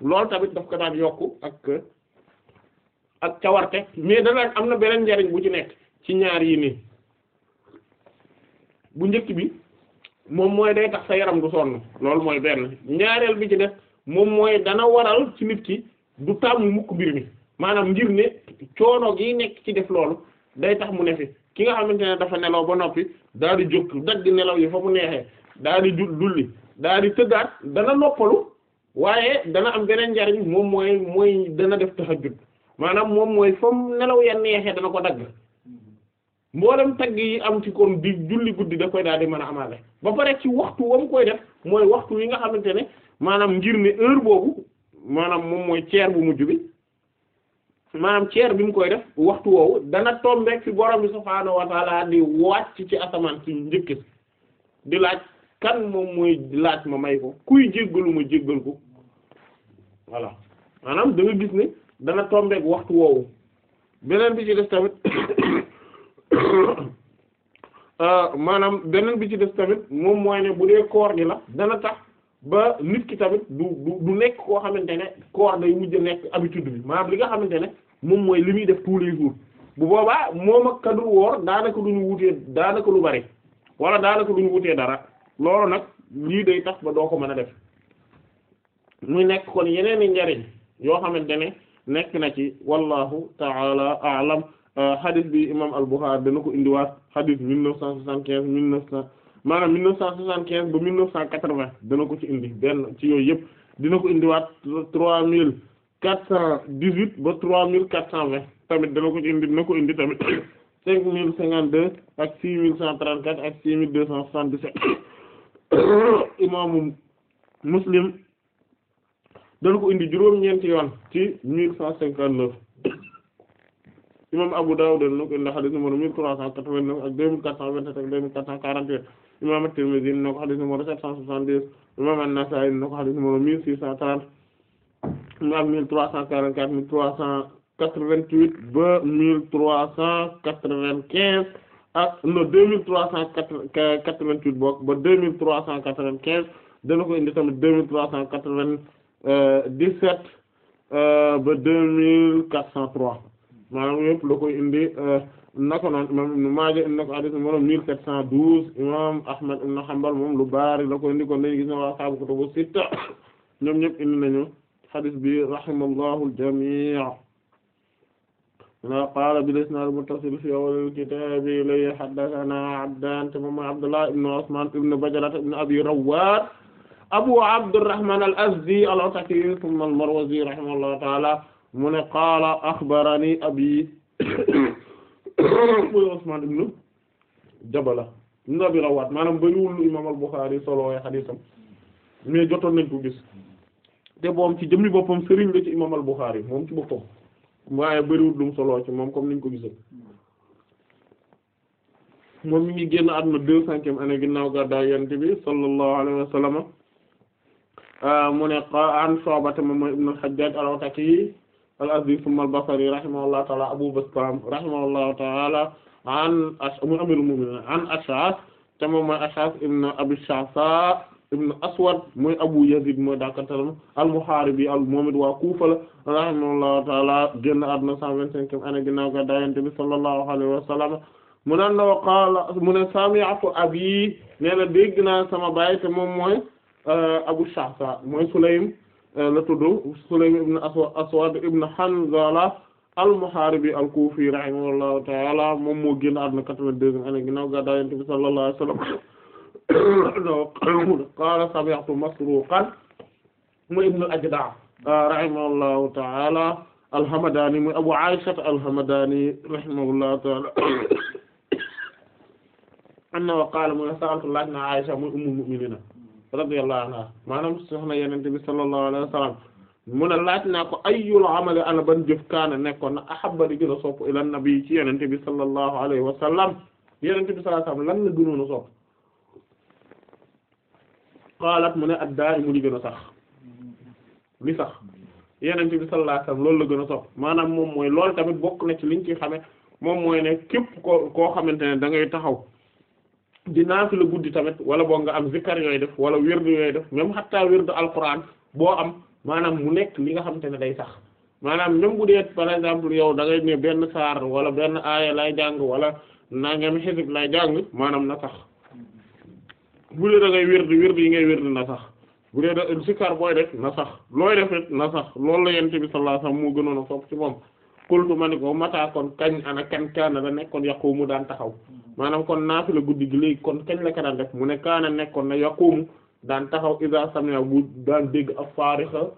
loolu tamit daf ko daan yokk ak ak cawarte mais dadaan am na beneen njariñ bu ci nekk ci ñaar yi nii bu njëkk bi moom mooy day tax sa yaram du sonn loolu mooy benn ñaareel bi ci def moom mooy dana waral ci nit ki du tàmm mukk mbir mi maanaam njir ne coono gi nekk ci def loolu day tax mu ne fi ki nga xamante ne dafa nelaw ba noppi daal di jóg dagg nelaw yi fa mu neexee daal di julli daal di tëddaat dana noppalu waaye dana am beneen njariñ moom mooy mooy dana def tahajjud maanaam moom mooy fa mu nelaw ya neexee dana ko dagg mboolem tagg yi am ci koom di julli guddi da koy daal di mën a amaale ba pare ci waxtu wa mu koy def mooy waxtu yi nga xamante ne maanaam ngir ne heure boobu maanaam moom mooy ceer bu mujj bi maanaam ceer bi mu koy def waxtu woowu dana tombeek fi borom bi subhaanahu wa ta'ala di wàcc ci asamaan si njëkk di laaj kan moom mooy laaj ma may ko kuy jéggalu jéggal ko voilà maanaam danga gis ne dana tombeek waxtu woowu beneen bi ci des tamit euh, maanaam beneen bi ci def tamit moom mooy ne bu dee koor gi la dana tax ba nit ki tamit du du nekk koo xamante ne koor day mujj nekk habitude bi maanaam li nga xamante ne moom mooy li muy def tous les jours bu boobaa moom ak kaddu woor daanaka duñu wutee daanaka lu bari wala daanaka duñu wutee dara loolu nag lii day tax ba doo ko mën a def muy nekk kon yeneen i njariñ yoo xamante ne nekk na ci wallahu taala aalam hadith bi imam al-Bukhari dana ko indiwaat hadith mille neuf cent soixante-quinze mille neuf cent maanaam 1975 ba 1980 dana ko ci indi benn ci yooyu yëpp dina ko indiwaat 3418 ba 3420 tamit dana ko ci indi dina ko indi tamit 5052 ak 6134 ak 6277 imaamu Muslim dana ko indi juróom-ñeenti yoon ci 1159 imam Abu Dawud dana ko indi hadith numéro 1389 ak 2427 ak 2441 imam at-Tirmidhi na ko xadis numéro 772 imam an-Nasa'i na ko xadis numéro 1630 ak 1344 1388 ba 1395 ak no 2388 bokk ba 2395 dana ko indi tamit 2397 euh, ba 2403 maanaam yëpp la koy indi euh, nako noon imam Ibn Maaja indi na ko hadis numéro mille sept cent douze imam Ahmad ibn Hanbal moom lu baari la ko indi kon dañu gis ne waa saabu kutubu sitta ñoom ñëpp indi nañu hadis bi rahimallahu al-jamii' wa qaala bil-isnaad al-muttasil fii awwalil kitaab ilayhi haddathanaa Abdaan moom Abdullah ibn Usmaan ibn Bajala ibn Abi Rawwaad Abu Abdurrahmaan al-Azdi al-Ataki thumma al-Marwazi rahimahullahu ta'aala mu ne qaala akhbaranii abii mooy Usmaan ibnu Jabala ibnu Abi Rawaat maanaam nañ ko gis te ci jëmmi boppam sëriñ la ci imaam al moom mu soloo ci moom comme niñ ko gisal moom mi ngi génn àdduna ginnaaw gàddaay yonent bi sallallahu alayhi wa ah, mu ne an Shu'ba moom mooy ibnu al-Hajjaj al al-Azdi summa al-Basri rahimahullahu ta'ala Abu Bastam rahimahullahu ta'ala an muy amirul an Ash'ath te moom mooy ibn Abi Sha'sa ibn Aswad mooy Abu Yazid mooy dàkkantalam al-Muharibi al moom it waa Kufa la ta'ala génn àdduna 125e année ginnaaw ga dayante bi sallallahu euh, Abu Sha'sa mooy Sulaym Eh, la tudd Sulaym ibn Aswad ibn Hanzala al-Muharibi al-Kufi rahimahullahu ta'ala moom moo génn àdduna quatre-vingt-deuxième année ginnaaw gàddaay Yonent bi sallallahu sallam qaala sami'tu mu ibn al-Ajda' rahimahullahu ta'ala al mu Abu Aisha al-Hamadani rahimahullahu ta'ala anna wa mu sa'altu laaj na Aisha mu ummul mu'minina radiyallahu anha maanaam soxna yenente bi sallallahu alayhi wa sallam laaj naa ko ayyul amali ana ban jëf kaana nekkoon na ahabba di gën a sopp ila nabi ci yenente bi sallallahu alayhi wa sallam yenente bi sallallahu alayhi wa sallam lan la gënoon mu ne ad-daa'imu li sax li sax yenente bi sallallahu loolu la gën a sopp maanaam moom mooy lool tamit bokk na ci liñ ci xame moom mooy ne képp ko koo xamante ne da ngay taxaw di la guddi tamit wala boo nga am zikkar yooyu def wala wirdu yooyu def même xatta wirdu alquran boo am maanaam mu nekk li nga xamante ne day sax maanaam même bu dee par exemple yow dangay ne benn saar wala benn aaya lay jàng wala nangam xisib lay jàng maanaam na sax bu dee da ngay wirdu wirdu yi ngay wirdu na sax bu dee da zikkar booy def na sax looy def na sax loolu la yonent bi sallallahu moo gënoon a sopp ci moom qultu ma ni ko mata kon kañ ana kan kaana la nekkoon yaqumu daan taxaw maanaam kon la guddi gi léegi kon kañ la ka daan def mu ne kaana nekkoon na yaqumu daan taxaw isa samia bu daan dégg ak faarixa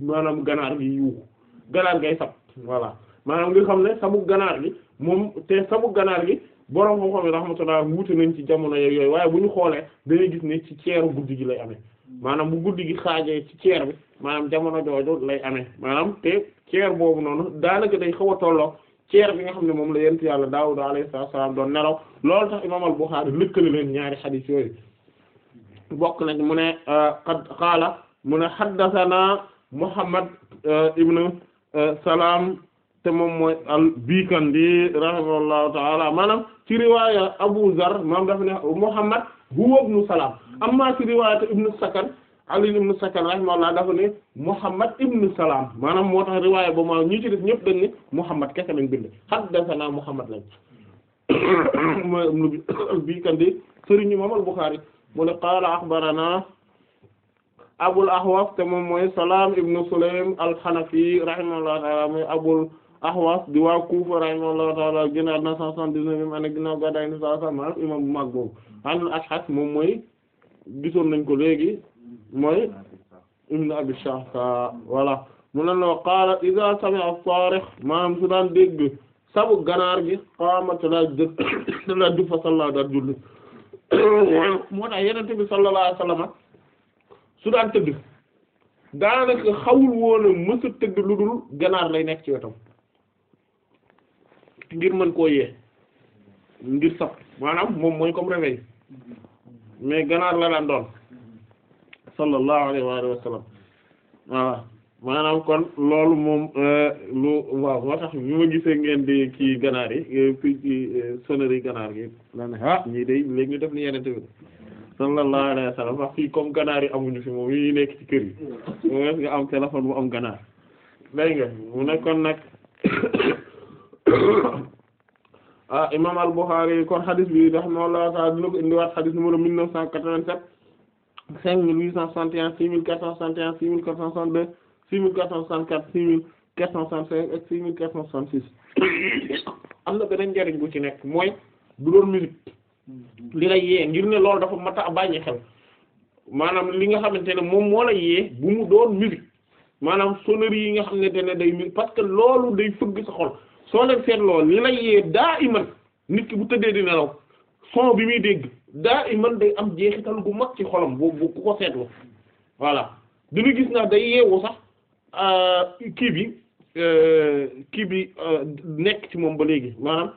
maanaam ganaar gi yuuxu ganaar gay sab voilà maanaam nga xam ne sabu ganaar gi moom te sabu ganaar gi boroom xam-xam yi naa wuute nañ ci jamono yooyu waaye bu ñu xoolee dañuy gis ne ci ceeru guddi gi lay amee maanaam bu guddi gi xaajee ci ceer bi maanaam jamono jooju lay amee maanaam te ceer boobu noonu daanaka day xaw a tolloo ceer bi nga xam ne moom la yent yàlla Daawud alayhi salaam doon nelaw lool tax imaam al-Bukhari lëkkale leen ñaari xadiis yooyu bokk nañ mu ne euh, qad qaala mu ne haddathana Muhammad euh, ibn euh, Salaam te moom mooy al-Bikandi rahimahullahu ta'ala maanaam ci riwaaya Abu Zar moom dafa ne Muhammad huwa ibn Salaam amma ci riwaayat ibnu Sakan Ali ibnu Sakan rahimahullah Muhammad ibnu Salaam maanaam moo tax riwaaya ba ma ñi ci def ñëpp dañ ne Muhammad kese lañ bind haddathana Muhammad lañ bi kan di sëriñu Imaam al-Bukhari mu ne qaala akhbarana Abul Ahwas te moom mooy Salaam ibnu Sulaym al-Hanafi rahimahullah ta'ala mooy Abul Ahwas di waa Kufa rahimahullah ta'ala ginnaaw na 179 mi ma ne ginnaaw gàddaay ni sa sa maanaam imaam boobu an al-Ashhas moom gisoon nañ ko léegi mooy ibn abi shahka voilà mu lan la qaala iza sami'a sarikh maanaam su daan dégg sabu ganaar gi qaamata la la du fa salla daal julli moo tax yenente bi su daan tëdd daanaka xawul woon a mësa tëdd lu dul ganaar lay nekk ci wetam ngir mën koo yee ngir sab maanaam moom mooy comme réveil mais ganaar la daan doon sallallahu alayhi wa sallam voilà maanaam kon loolu moom euh, lu waaw moo tax ñu ma gisee ngeen di kii ganaar yi euh, fii ci euh, ganaar gi la ne ah ñii de léegi ñu def ni yenente bi sallallahu alayhi wa sallam wax fii comme ganaar yi amuñu fi moom yi nekk ci kër yi moom est-ce am téléphone bu am ganaar dégg nga mu ne kon nag ah imaam al-Bukhari kon hadith bi rahimahullahu ta'ala dina ko indiwaat hadith numéro mille neuf cent quatre-vingt-sept cinq mille huit cent soixante et un six mille quatre cent soixante et six mille quatre cent soixante-deux six mille quatre cent soixante-quatre six mille quatre cent soixante-cinq ak six mille quatre cent soixante-six am na beneen njariñ bu ci nekk mooy du doon musique mm-hmm. li lay yee ngir ne loolu dafa mat a bàyyi xel maanaam li nga xamante ne moom moo lay yee bu mu doon musique maanaam sonnerie yi nga xam ne ne day musique parce que loolu day fëgg sa soo leen seetloo li lay yee daa iman nit ki bu tëddee di nelaw son bi muy dégg daa iman day am jeexital gu mag ci xolam bu ku ko seetlu voilà dina gis naa day yeewu sax euh, kii bi euh, kii bi euh, nekk ci moom ba léegi maanaam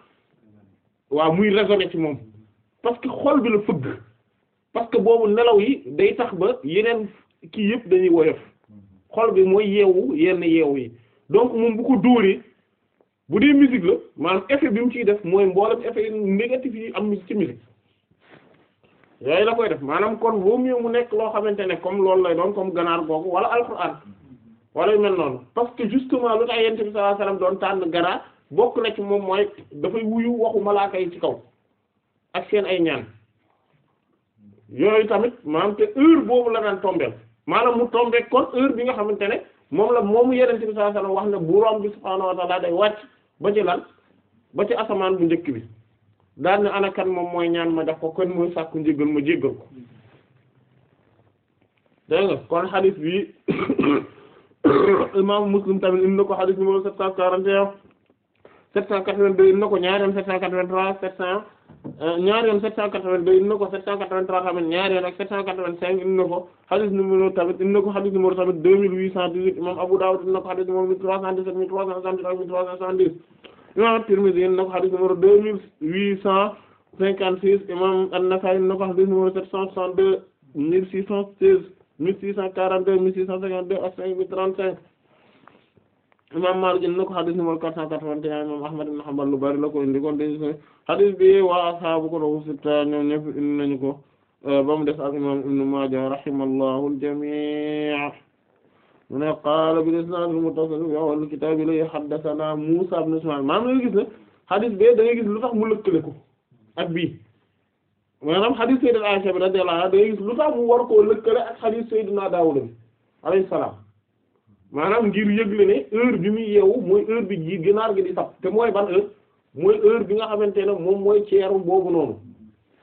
waa muy raisonner ci moom parce que xol bi la fëgg parce que boobu nelaw yi day tax ba yeneen kii yëpp dañuy woyof xol bi mooy yeewu yenn yeewu yi donc moom bu ko dóoree bu dee musique la maanaam effet bi mu ciy def mooy mboolem effet négatif yi am ci musique yooyu la koy def maanaam kon boo mu nekk loo xamante ne comme loolu lay doon comme ganaar googu wala alxuraan wala yu mel noonu parce que justement lu tax yent bi sallallahu doon tànn ganaar bokk na ci moom mooy dafay wuyu waxuma malaaka yi ci kaw ak seen ay ñaan yooyu tamit maanaam te heure boobu la daan tombeel maanaam mu tombé kon heure bi nga xamante ne moom la moo yonent bi wax ne borom bi subhaanahu ba ci lan ba ci asamaan bu njëkk bi daan na ana moom mooy ñaan ma jox ko kon mooy sàkku njéggal ma jéggal ko dégg nga kon hadith bi imaamu Muslim tamit indi na ko hadith numéro sept cent quarante et sept cent quatre-vingt-deux indi na ko ñaari sept cent quatre-vingt-trois sept cent ñaari yoon 782 indi na ko 783 tamit ñaari yoon ak 785 indi na ko hadith numéro tamit indi na ko hadith numéro tamit 2818 imam Abu Dawud indi na ko hadith numéro 1317 1373 1370 imam Tirmidhi indi na ko hadith numéro 2856 imam An-Nasa'i indi na ko hadith numéro 762 1616 1642 1652 ak 5035 imam Maalik indi na ko xadis numéro quatre cent quatre-vingt-un imam Ahmad ibn Hanbal lu bari la ko indi kon de xadis bi waa ashaabu kutubu sitta ñoom ñëpp indi nañu ko euh, ba mu des ak imam Ibn Maaja rahimallahu al-jamii' mu ne qaala bil isnaad al-muttasil fi awwal kitaab li haddasanaa Muusaa ibn Ismaa'iil maanaam la gis ne xadis bi da lu tax mu lëkkale ko ak bii maanaam xadis bi radiyallahu anha da ngay gis lu ak xadis Sayyidina Daawuud bi alayhi salaam maanaam ngir yëgle ne heure bi muy yeewu mooy heure bi ji ginaar gi di sab te mooy ban heure mooy heure bi nga xamante ne moom mooy ceeru boobu noonu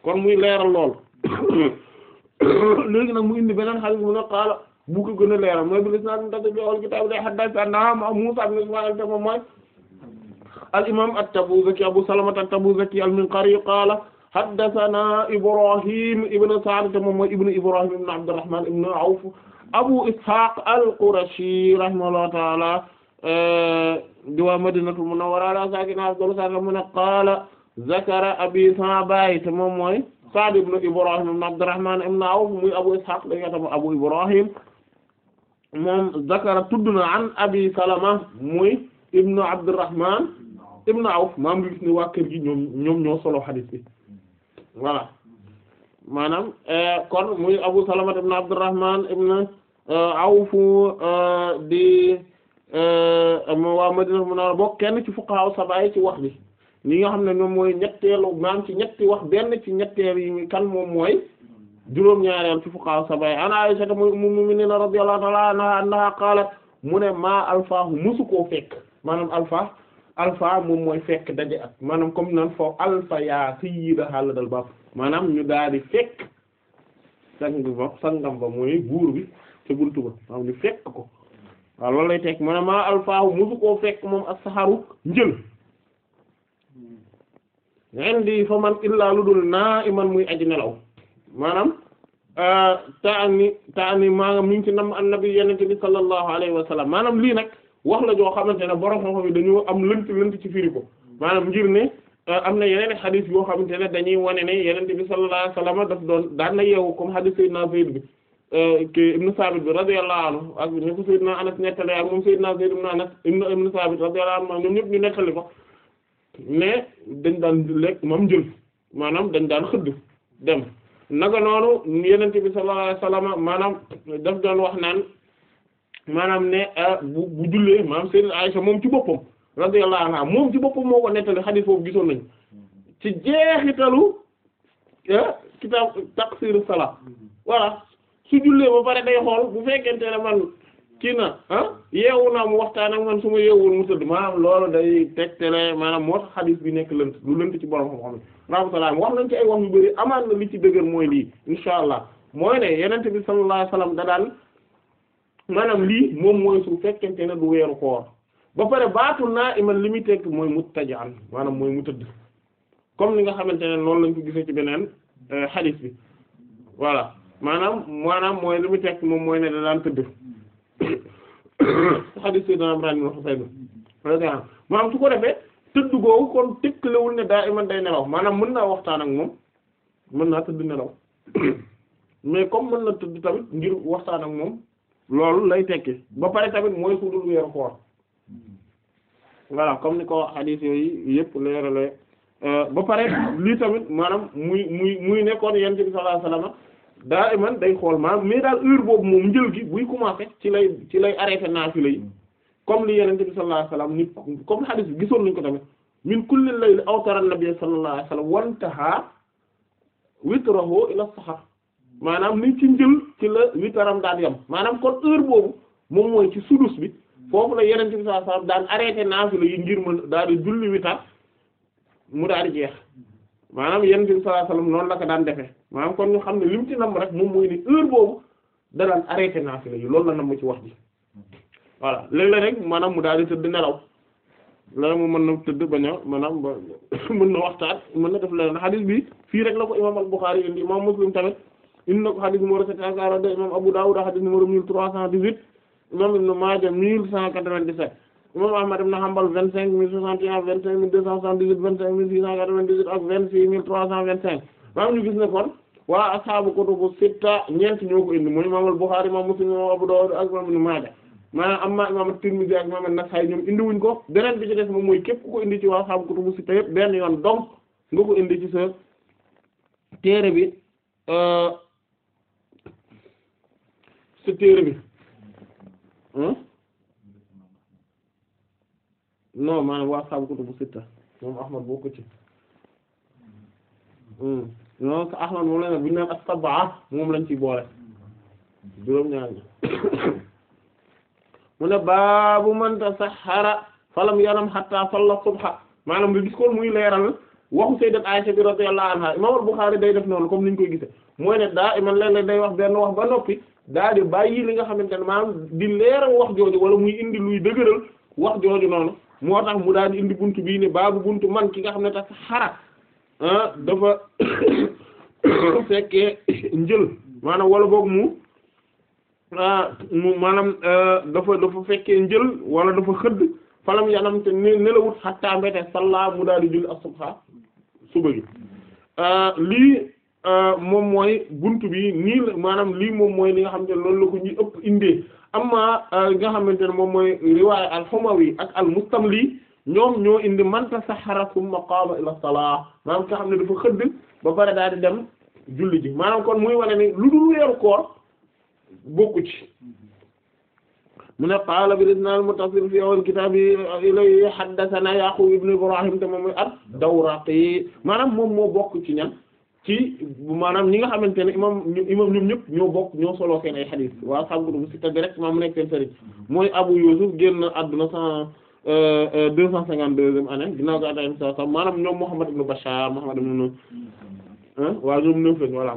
kon muy leeral lool léegi nag mu indi beneen xalis bi ne xaala bu ko gën a leeral mooy bilis naa data joxol kitaab day xadda si àndaama Muusaa ibn Ismaayil te moom mooy al imam at-Tabuzaki Abu Salamata at-Tabuzaki al-Minqari qaala haddathana Ibrahim ibn Sa'd te moom mooy ibn Ibrahim ibn Abdurrahman ibn Awf Abu Ishaq al-Qurashi rahimahullahu ta'ala eh, di waa Madinatul Munawwara ala sakina afdalu salaam mu ne qaala abi sama te moom mooy Sa'd ibn Ibrahim ibn Abdurrahman ibn Awf muy Abu Ishaq dañu tam Abu Ibrahim moom zakara tudd na Salama muy ibn Abdurrahman ibn Awf maa ngi waa kër ñoom ñoo solo xadiis bi voilà maanaam eh, kon muy Abu Salama ibn Abdurrahman ibn Euh, awfu euh, di euh, waa Madina Munawwara bokk kenn ci fuqaha sabaay ci wax bi ñi nga xam ne ñoom mooy ñetteelu maam ci ñetti wax benn ci ñetteel yi kan moom mooy juróom-ñaareel ci fuqaha sabaay an Aisha ummul mu ne maa alfaahu musu koo fekk maanaam alfa alfa moom mooy fekk daje ak maanaam comme nan foofu alfa yaa sayyida halal baab maanaam ñu daal di fekk sangam ba mooy buur bi ca buntu ba maanaam ñu fekk ko waaw loolu lay teg maanaam maa alfaahu musu koo fekk moom ak saxaru njël indi fa man illaa lu dul naa iman muy aji nelaw maanaam euh, taa ni taa ni maanaam mi ngi ci nam annabi yenente bi sallallahu alayhi wa sallam maanaam lii nag wax la joo xamante ne borom xam-xam yi dañoo am lënt lënt ci firi ko maanaam ngir ne euh, am na yeneen xadis yoo xamante ne dañuy wane ne yenente bi sallallahu alayhi wa sallam daf doon daan na yeewu comme xadis sayyidina Zayd bi Euh, kii ibnu Saabit bi radiyallahu anhu ak ñu ko Seydina Anas nettali ak moom Seydina naa ibnu Anas ibnu ibnu Saabit radiyallahu anhu ñoom ñëpp ñu nettali ko mais dañ daan lekk moom njël maanaam dañ daan xëdd dem naka noonu Yonent bi sallallahu maanaam daf doon wax naan maanaam ne ah, bu bu jullee maanaam Seydina Aysa moom ci boppam radiyallahu anha moom ci boppam moo ko nettali xadiis foofu gisoon nañu ci jeexitalu ah, kitaab Taqsiirus Salaat voilà su jullee ba pare day xool bu fekkente ne man kii na ah yeewu naa mu waxtaan ak man su ma yeewul mu tëdd maanaam loolu day tegtale maanaam moo tax xadiis bi nekk lënt lu lënt ci borom xam-xam rahmatullah wax nañ ci ay wax yu na li ci dëgër mooy lii insha allah mooy ne yenente bi sallallahu alayhi wasallam da daan maanaam lii moom mooy su fekkente ne du weeru koor ba pare baatul naa iman li muy tekk mooy mu muttajaan maanaam mooy mu tëdd comme ni nga xamante ne loolu lañ ko gisee ci beneen euh, xadiis bi voilà maanaam maanaam mooy li mu tekk moom mooy ne da daan tëdd hadith sayyidina Imran ibn Husayn maanaam su ko defee tëdd googu kon tëkkalewul ne daa iman day nelaw maanaam mën naa waxtaan ak moom mën naa tëdd nelaw mais comme mën na tëdd tamit ngir waxtaan ak moom loolu lay tekki ba pare tamit mooy su dul weeru koor voilà comme ni ko wax hadith yooyu yëpp leerale euh, ba pare lii tamit maanaam muy muy muy nekkoon yonent bi sallallahu alayhi daa iman day xool maam mais daal heure boobu moom njël gi buy commencé ci lay ci lay arrêté naafila yi comme li yenente bi sallallahu alayhi wasallam ni bi gisoon nañu ko tamit min kulli layl awtara an-nabi sallallahu alayhi wasallam wantaha witrahu ila sahar maanaam ni ci njël ci la witaram daan yam maanaam kon heure boobu moom mooy ci sudus bi foofu la yenente bi sallallahu alayhi wasallam daan arrêté naafila yi ngir mën daal di julli witar mu daal di jeex maanaam yonent bi sallallahu alayhi wasallam noonu la ko daan defee maanaam kon xam ne lim ci nam rek moom mooy ni heure boobu da daan arrêté naafila yi loolu la nam ci wax ji voilà léeg-léeg rek maanaam mu daal tëdd nelaw léeg mu mën na tëdd bañ a maanaam ba mën na waxtaan mën na def leneen xadis bi fii rek la ko imaam al-Bukhari indi imaam Muslim tamit indi na ko xadis numéro 742 imaam Abu Dawud xadis numéro 1318 imaam Ibn Maaja 1197 imam Ahmad ibn Hanbal vingt cinq mille soixante et un vingt cinq mille deux cent soixante-dix-huit vingt cinq mille six cent quatre dix huit ak vingt six mille trois cent vingt cinq maanaam ñu gis ne kon waa ashaabu kutubu sitta ñeent ñoo ko indi mooy imam al-Bukhari imam Muslim imam Abu Dawud ak imam a Maaja maanaam amma imam at-Tirmidhi ak imam an-Nasa'i ñoom indi wuñ ko beneen bi ci des moom mooy képp ku ko indi ci waa ashaabu kutubu sitta yëpp benn yoon donc nga ko indi ci sa téere bi euh, hmm? non maanaam waa ashaabu kutubu sitta moom Ahmad bokku ci non hmm. Ahmad moom la moom lañ ciy boole juróom-ñaar ñi mu ne baabu man tasaxara falam yanam hatta salla subha maanaam nga gis kon muy leeral waxu sayyidat Aisha bi radiyallahu anha imam al-Bukhari day def noonu comme niñ koy gisee mooy ne daa iman léeg-léeg day wax benn wax ba noppi daal di bàyyi li nga xamante ne maanaam di leeral wax jooju wala muy indi luy dëgëral wax jooju noonu moo tax mu daal di indi buntu bii ne baabu buntu man ki nga xam ne tax xara ah, dafa fekkee njël maanaam wala boog mu ah, mu maanaam ah, dafa dafa fekkee njël wala dafa xëdd falam yanam te ne nelawut mbete salla mu daal di julli asubha suba gi lii moom mooy buntu bi nii la maanaam lii moom mooy li nga xam ne loolu la ñu ëpp indee amma euh, nga xamante ne moom mooy riwaaya al-Humawi ak al ñoom ñoo indi man tasaxara summa qaama ila salaa maanaam nga xam ne dafa xëdd ba pare daal di dem julli ji maanaam kon muy wane ni lu dul weeru koor bokku ci mu ne qaala bi isnaad muttasil fi awwal kitaab ilayhi haddathana Yaqub ibn Ibrahim te moom mooy ad-Dawraqi maanaam moom moo bokk ci ñan ci maanaam ñi nga xamante ne imam imam ñoom ñëpp ñoo bokk ñoo soloo seen ay xadiis waa xamgudu bu sitta bi rek imam mu nekk seen sëriñ mooy Abu Yusuf génn àdduna cent euh, euh, deux cent cinquante deuxième année ginnaaw ga àdda sa sa maanaam ñoom Muhammad ibn Bashar Muhammad ibn waaw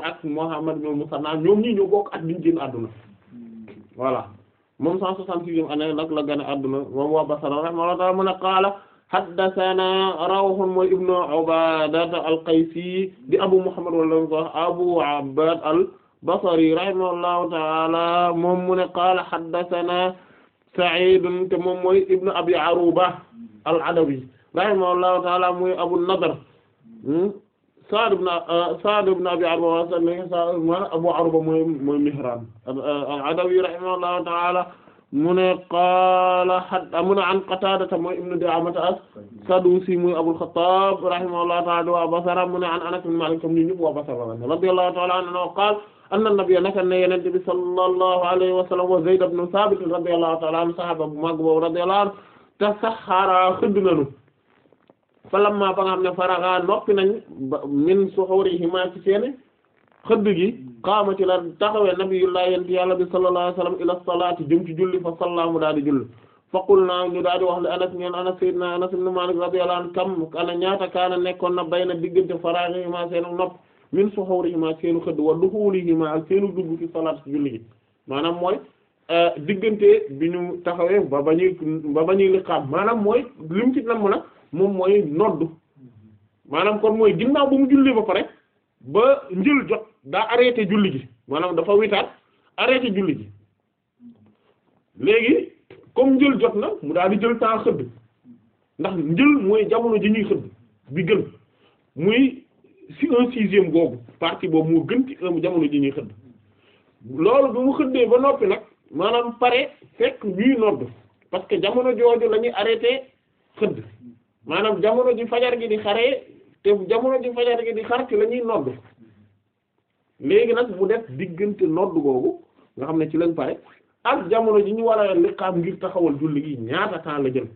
ak Muhammad ibn Musanna ñoom ñii ñoo bokk at biñu génn àdduna voilà moom cent soixante-sixième année nag la gën a àdduna moom waa Basra rahimahullah ta'ala mën a qaala haddathana Rawhun mooy ibnu Ubaadata al-Qaysi di abu Muhammad wala abu Abbaad al-Basri rahimahullahu ta'ala moom mu ne qaala haddathana Sa'iid te moom mooy ibnu Abi Aruuba al-Adawi rahimahullahu ta'ala mooy Abu Nadr Sa'd ibn Sa'd ibn Abi Aruuba Abu Aruuba mooy mooy Mihraan al-Adawi rahimahullahu ta'ala mu ne qaala a ah, mu ne an Qataadata mooy ibnu Di'aamata as-Saduusi muy Abul Xattaab rahimahullahu ta'aala waa Basra mu ne an Anas ibn Maalik comme ni ñëpp waa Basra la radiyallahu ta'aala anhu qaala anna nabiyya naka ne yonent bi sallallahu alayhi wa sallam wa Zayd ibn Saabit radiyallahu ta'aala anhu sahaaba bu mag boobu radiyallahu anhu tasaxara xëdd nañu falammaa ba nga xam ne faraga noppi nañ min suhuurihima ci seeni xëdd gi qaama ci la taxawee nabiyullah yent yàlla bi sallallahu alayhi wasallam ila salaati jëm ci julli fa sallaamu daal di julli fa qulnaa ñu daal di wax le anas ñeen anas sayyidina anas ibn malik radiyallahu anhu kam ana ñaata kaana nekkoon na bay na diggante faraaxihimaa seenu nopp min suhuurihimaa seenu xëdd wa duxuulihimaa ak seenu dugg fi salaat ci julli gi maanaam mooy euh, diggante bi ñu taxawee ba bañuy ba bañuy liqaam maanaam mooy lim ci namm nag moom mooy noddu maanaam kon mooy ginnaaw bu mu julli ba pare ba njël jot daa arrêté julli gi maanaam dafa witaat arrêté julli gi léegi comme njël jot na mu daal di jël temps xëdd ndax njël mooy jamono ji ñuy xëdd bi gën muy si un sixième googu partie boobu moo gën ci un jamono ji ñuy xëdd loolu bi mu xëddee ba noppi nag maanaam pare fekk ñuy nodd parce que jamono jooju la ñuy arrêté xëdd maanaam jamono ji fajar gi di xaree te jamono ji fajar gi di xar ci la ñuy nodd léegi nag mu def diggante nodd googu nga xam ne ci lañ pare ak jamono ji ñu war a liqaam ngir taxawal julli gi ñaata temps la jël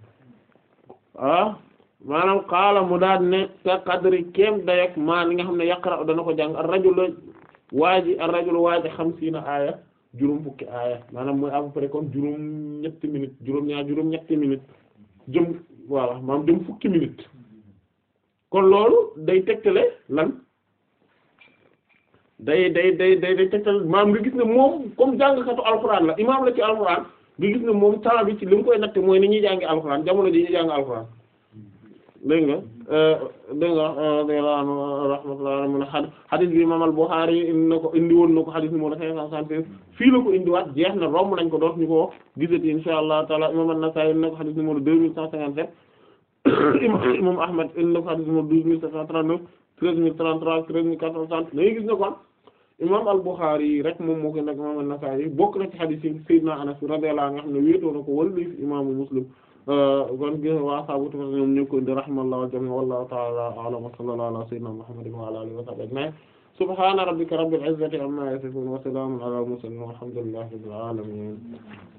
ah maanaam xaala mu daal ne sa qadri kéem dayak maa li nga xam ne yaqra dana ko jàng ar-rajul waaji ar-rajul waaji xamsiina aaya juróom fukki aaya maanaam mooy à peu près comme juróom ñetti minutes juróom ñaar juróom ñetti minutes jëm voilà maanaam jëm fukki minutes kon loolu day tegtale lan day day day day day tegtal maam nga gis ne moom comme jàngkatu alxuraan la imaam la ci alxuraan nga gis ne moom temps bi ci li mu koy natt mooy ni ñuy jàngi alxuraan jamono ji ñuy jàng alxuraan dégg nga eh, dégg nga rahmatullah mun a xadis bi imaam al-Bukhari indi na ko indi woon na ko xadis numéro cinq cent indiwaat jeex na romb nañ ko doot ñu ko gisati insha allah taala imaam an-Nasa'i indi na ko xadis numéro deux mille cent cinquante-sept imaam Ahmad indi na ko xadis numéro douze mille cent trente-neuf treize mille trente-trois treize mille imam al-Bukhari rek moom moo ko nag imam an-Nasa'i bokk na ci hadith yi sayyidina Anas radiyallahu anhu nga xam ne wéetoo na ko wallif imaamu Muslim euh, kon gis waa saabu tamit ñoom ñëpp ko di rahmallahu al-jami' wallahu ta'ala a'lam wa sallallahu ala sayyidina Muhammadin wa ala alihi wa sahbihi ajma'in subhana rabbika rabbil izzati amma yasifun wa salamun ala al-mursalin walhamdulillahi rabbil alamin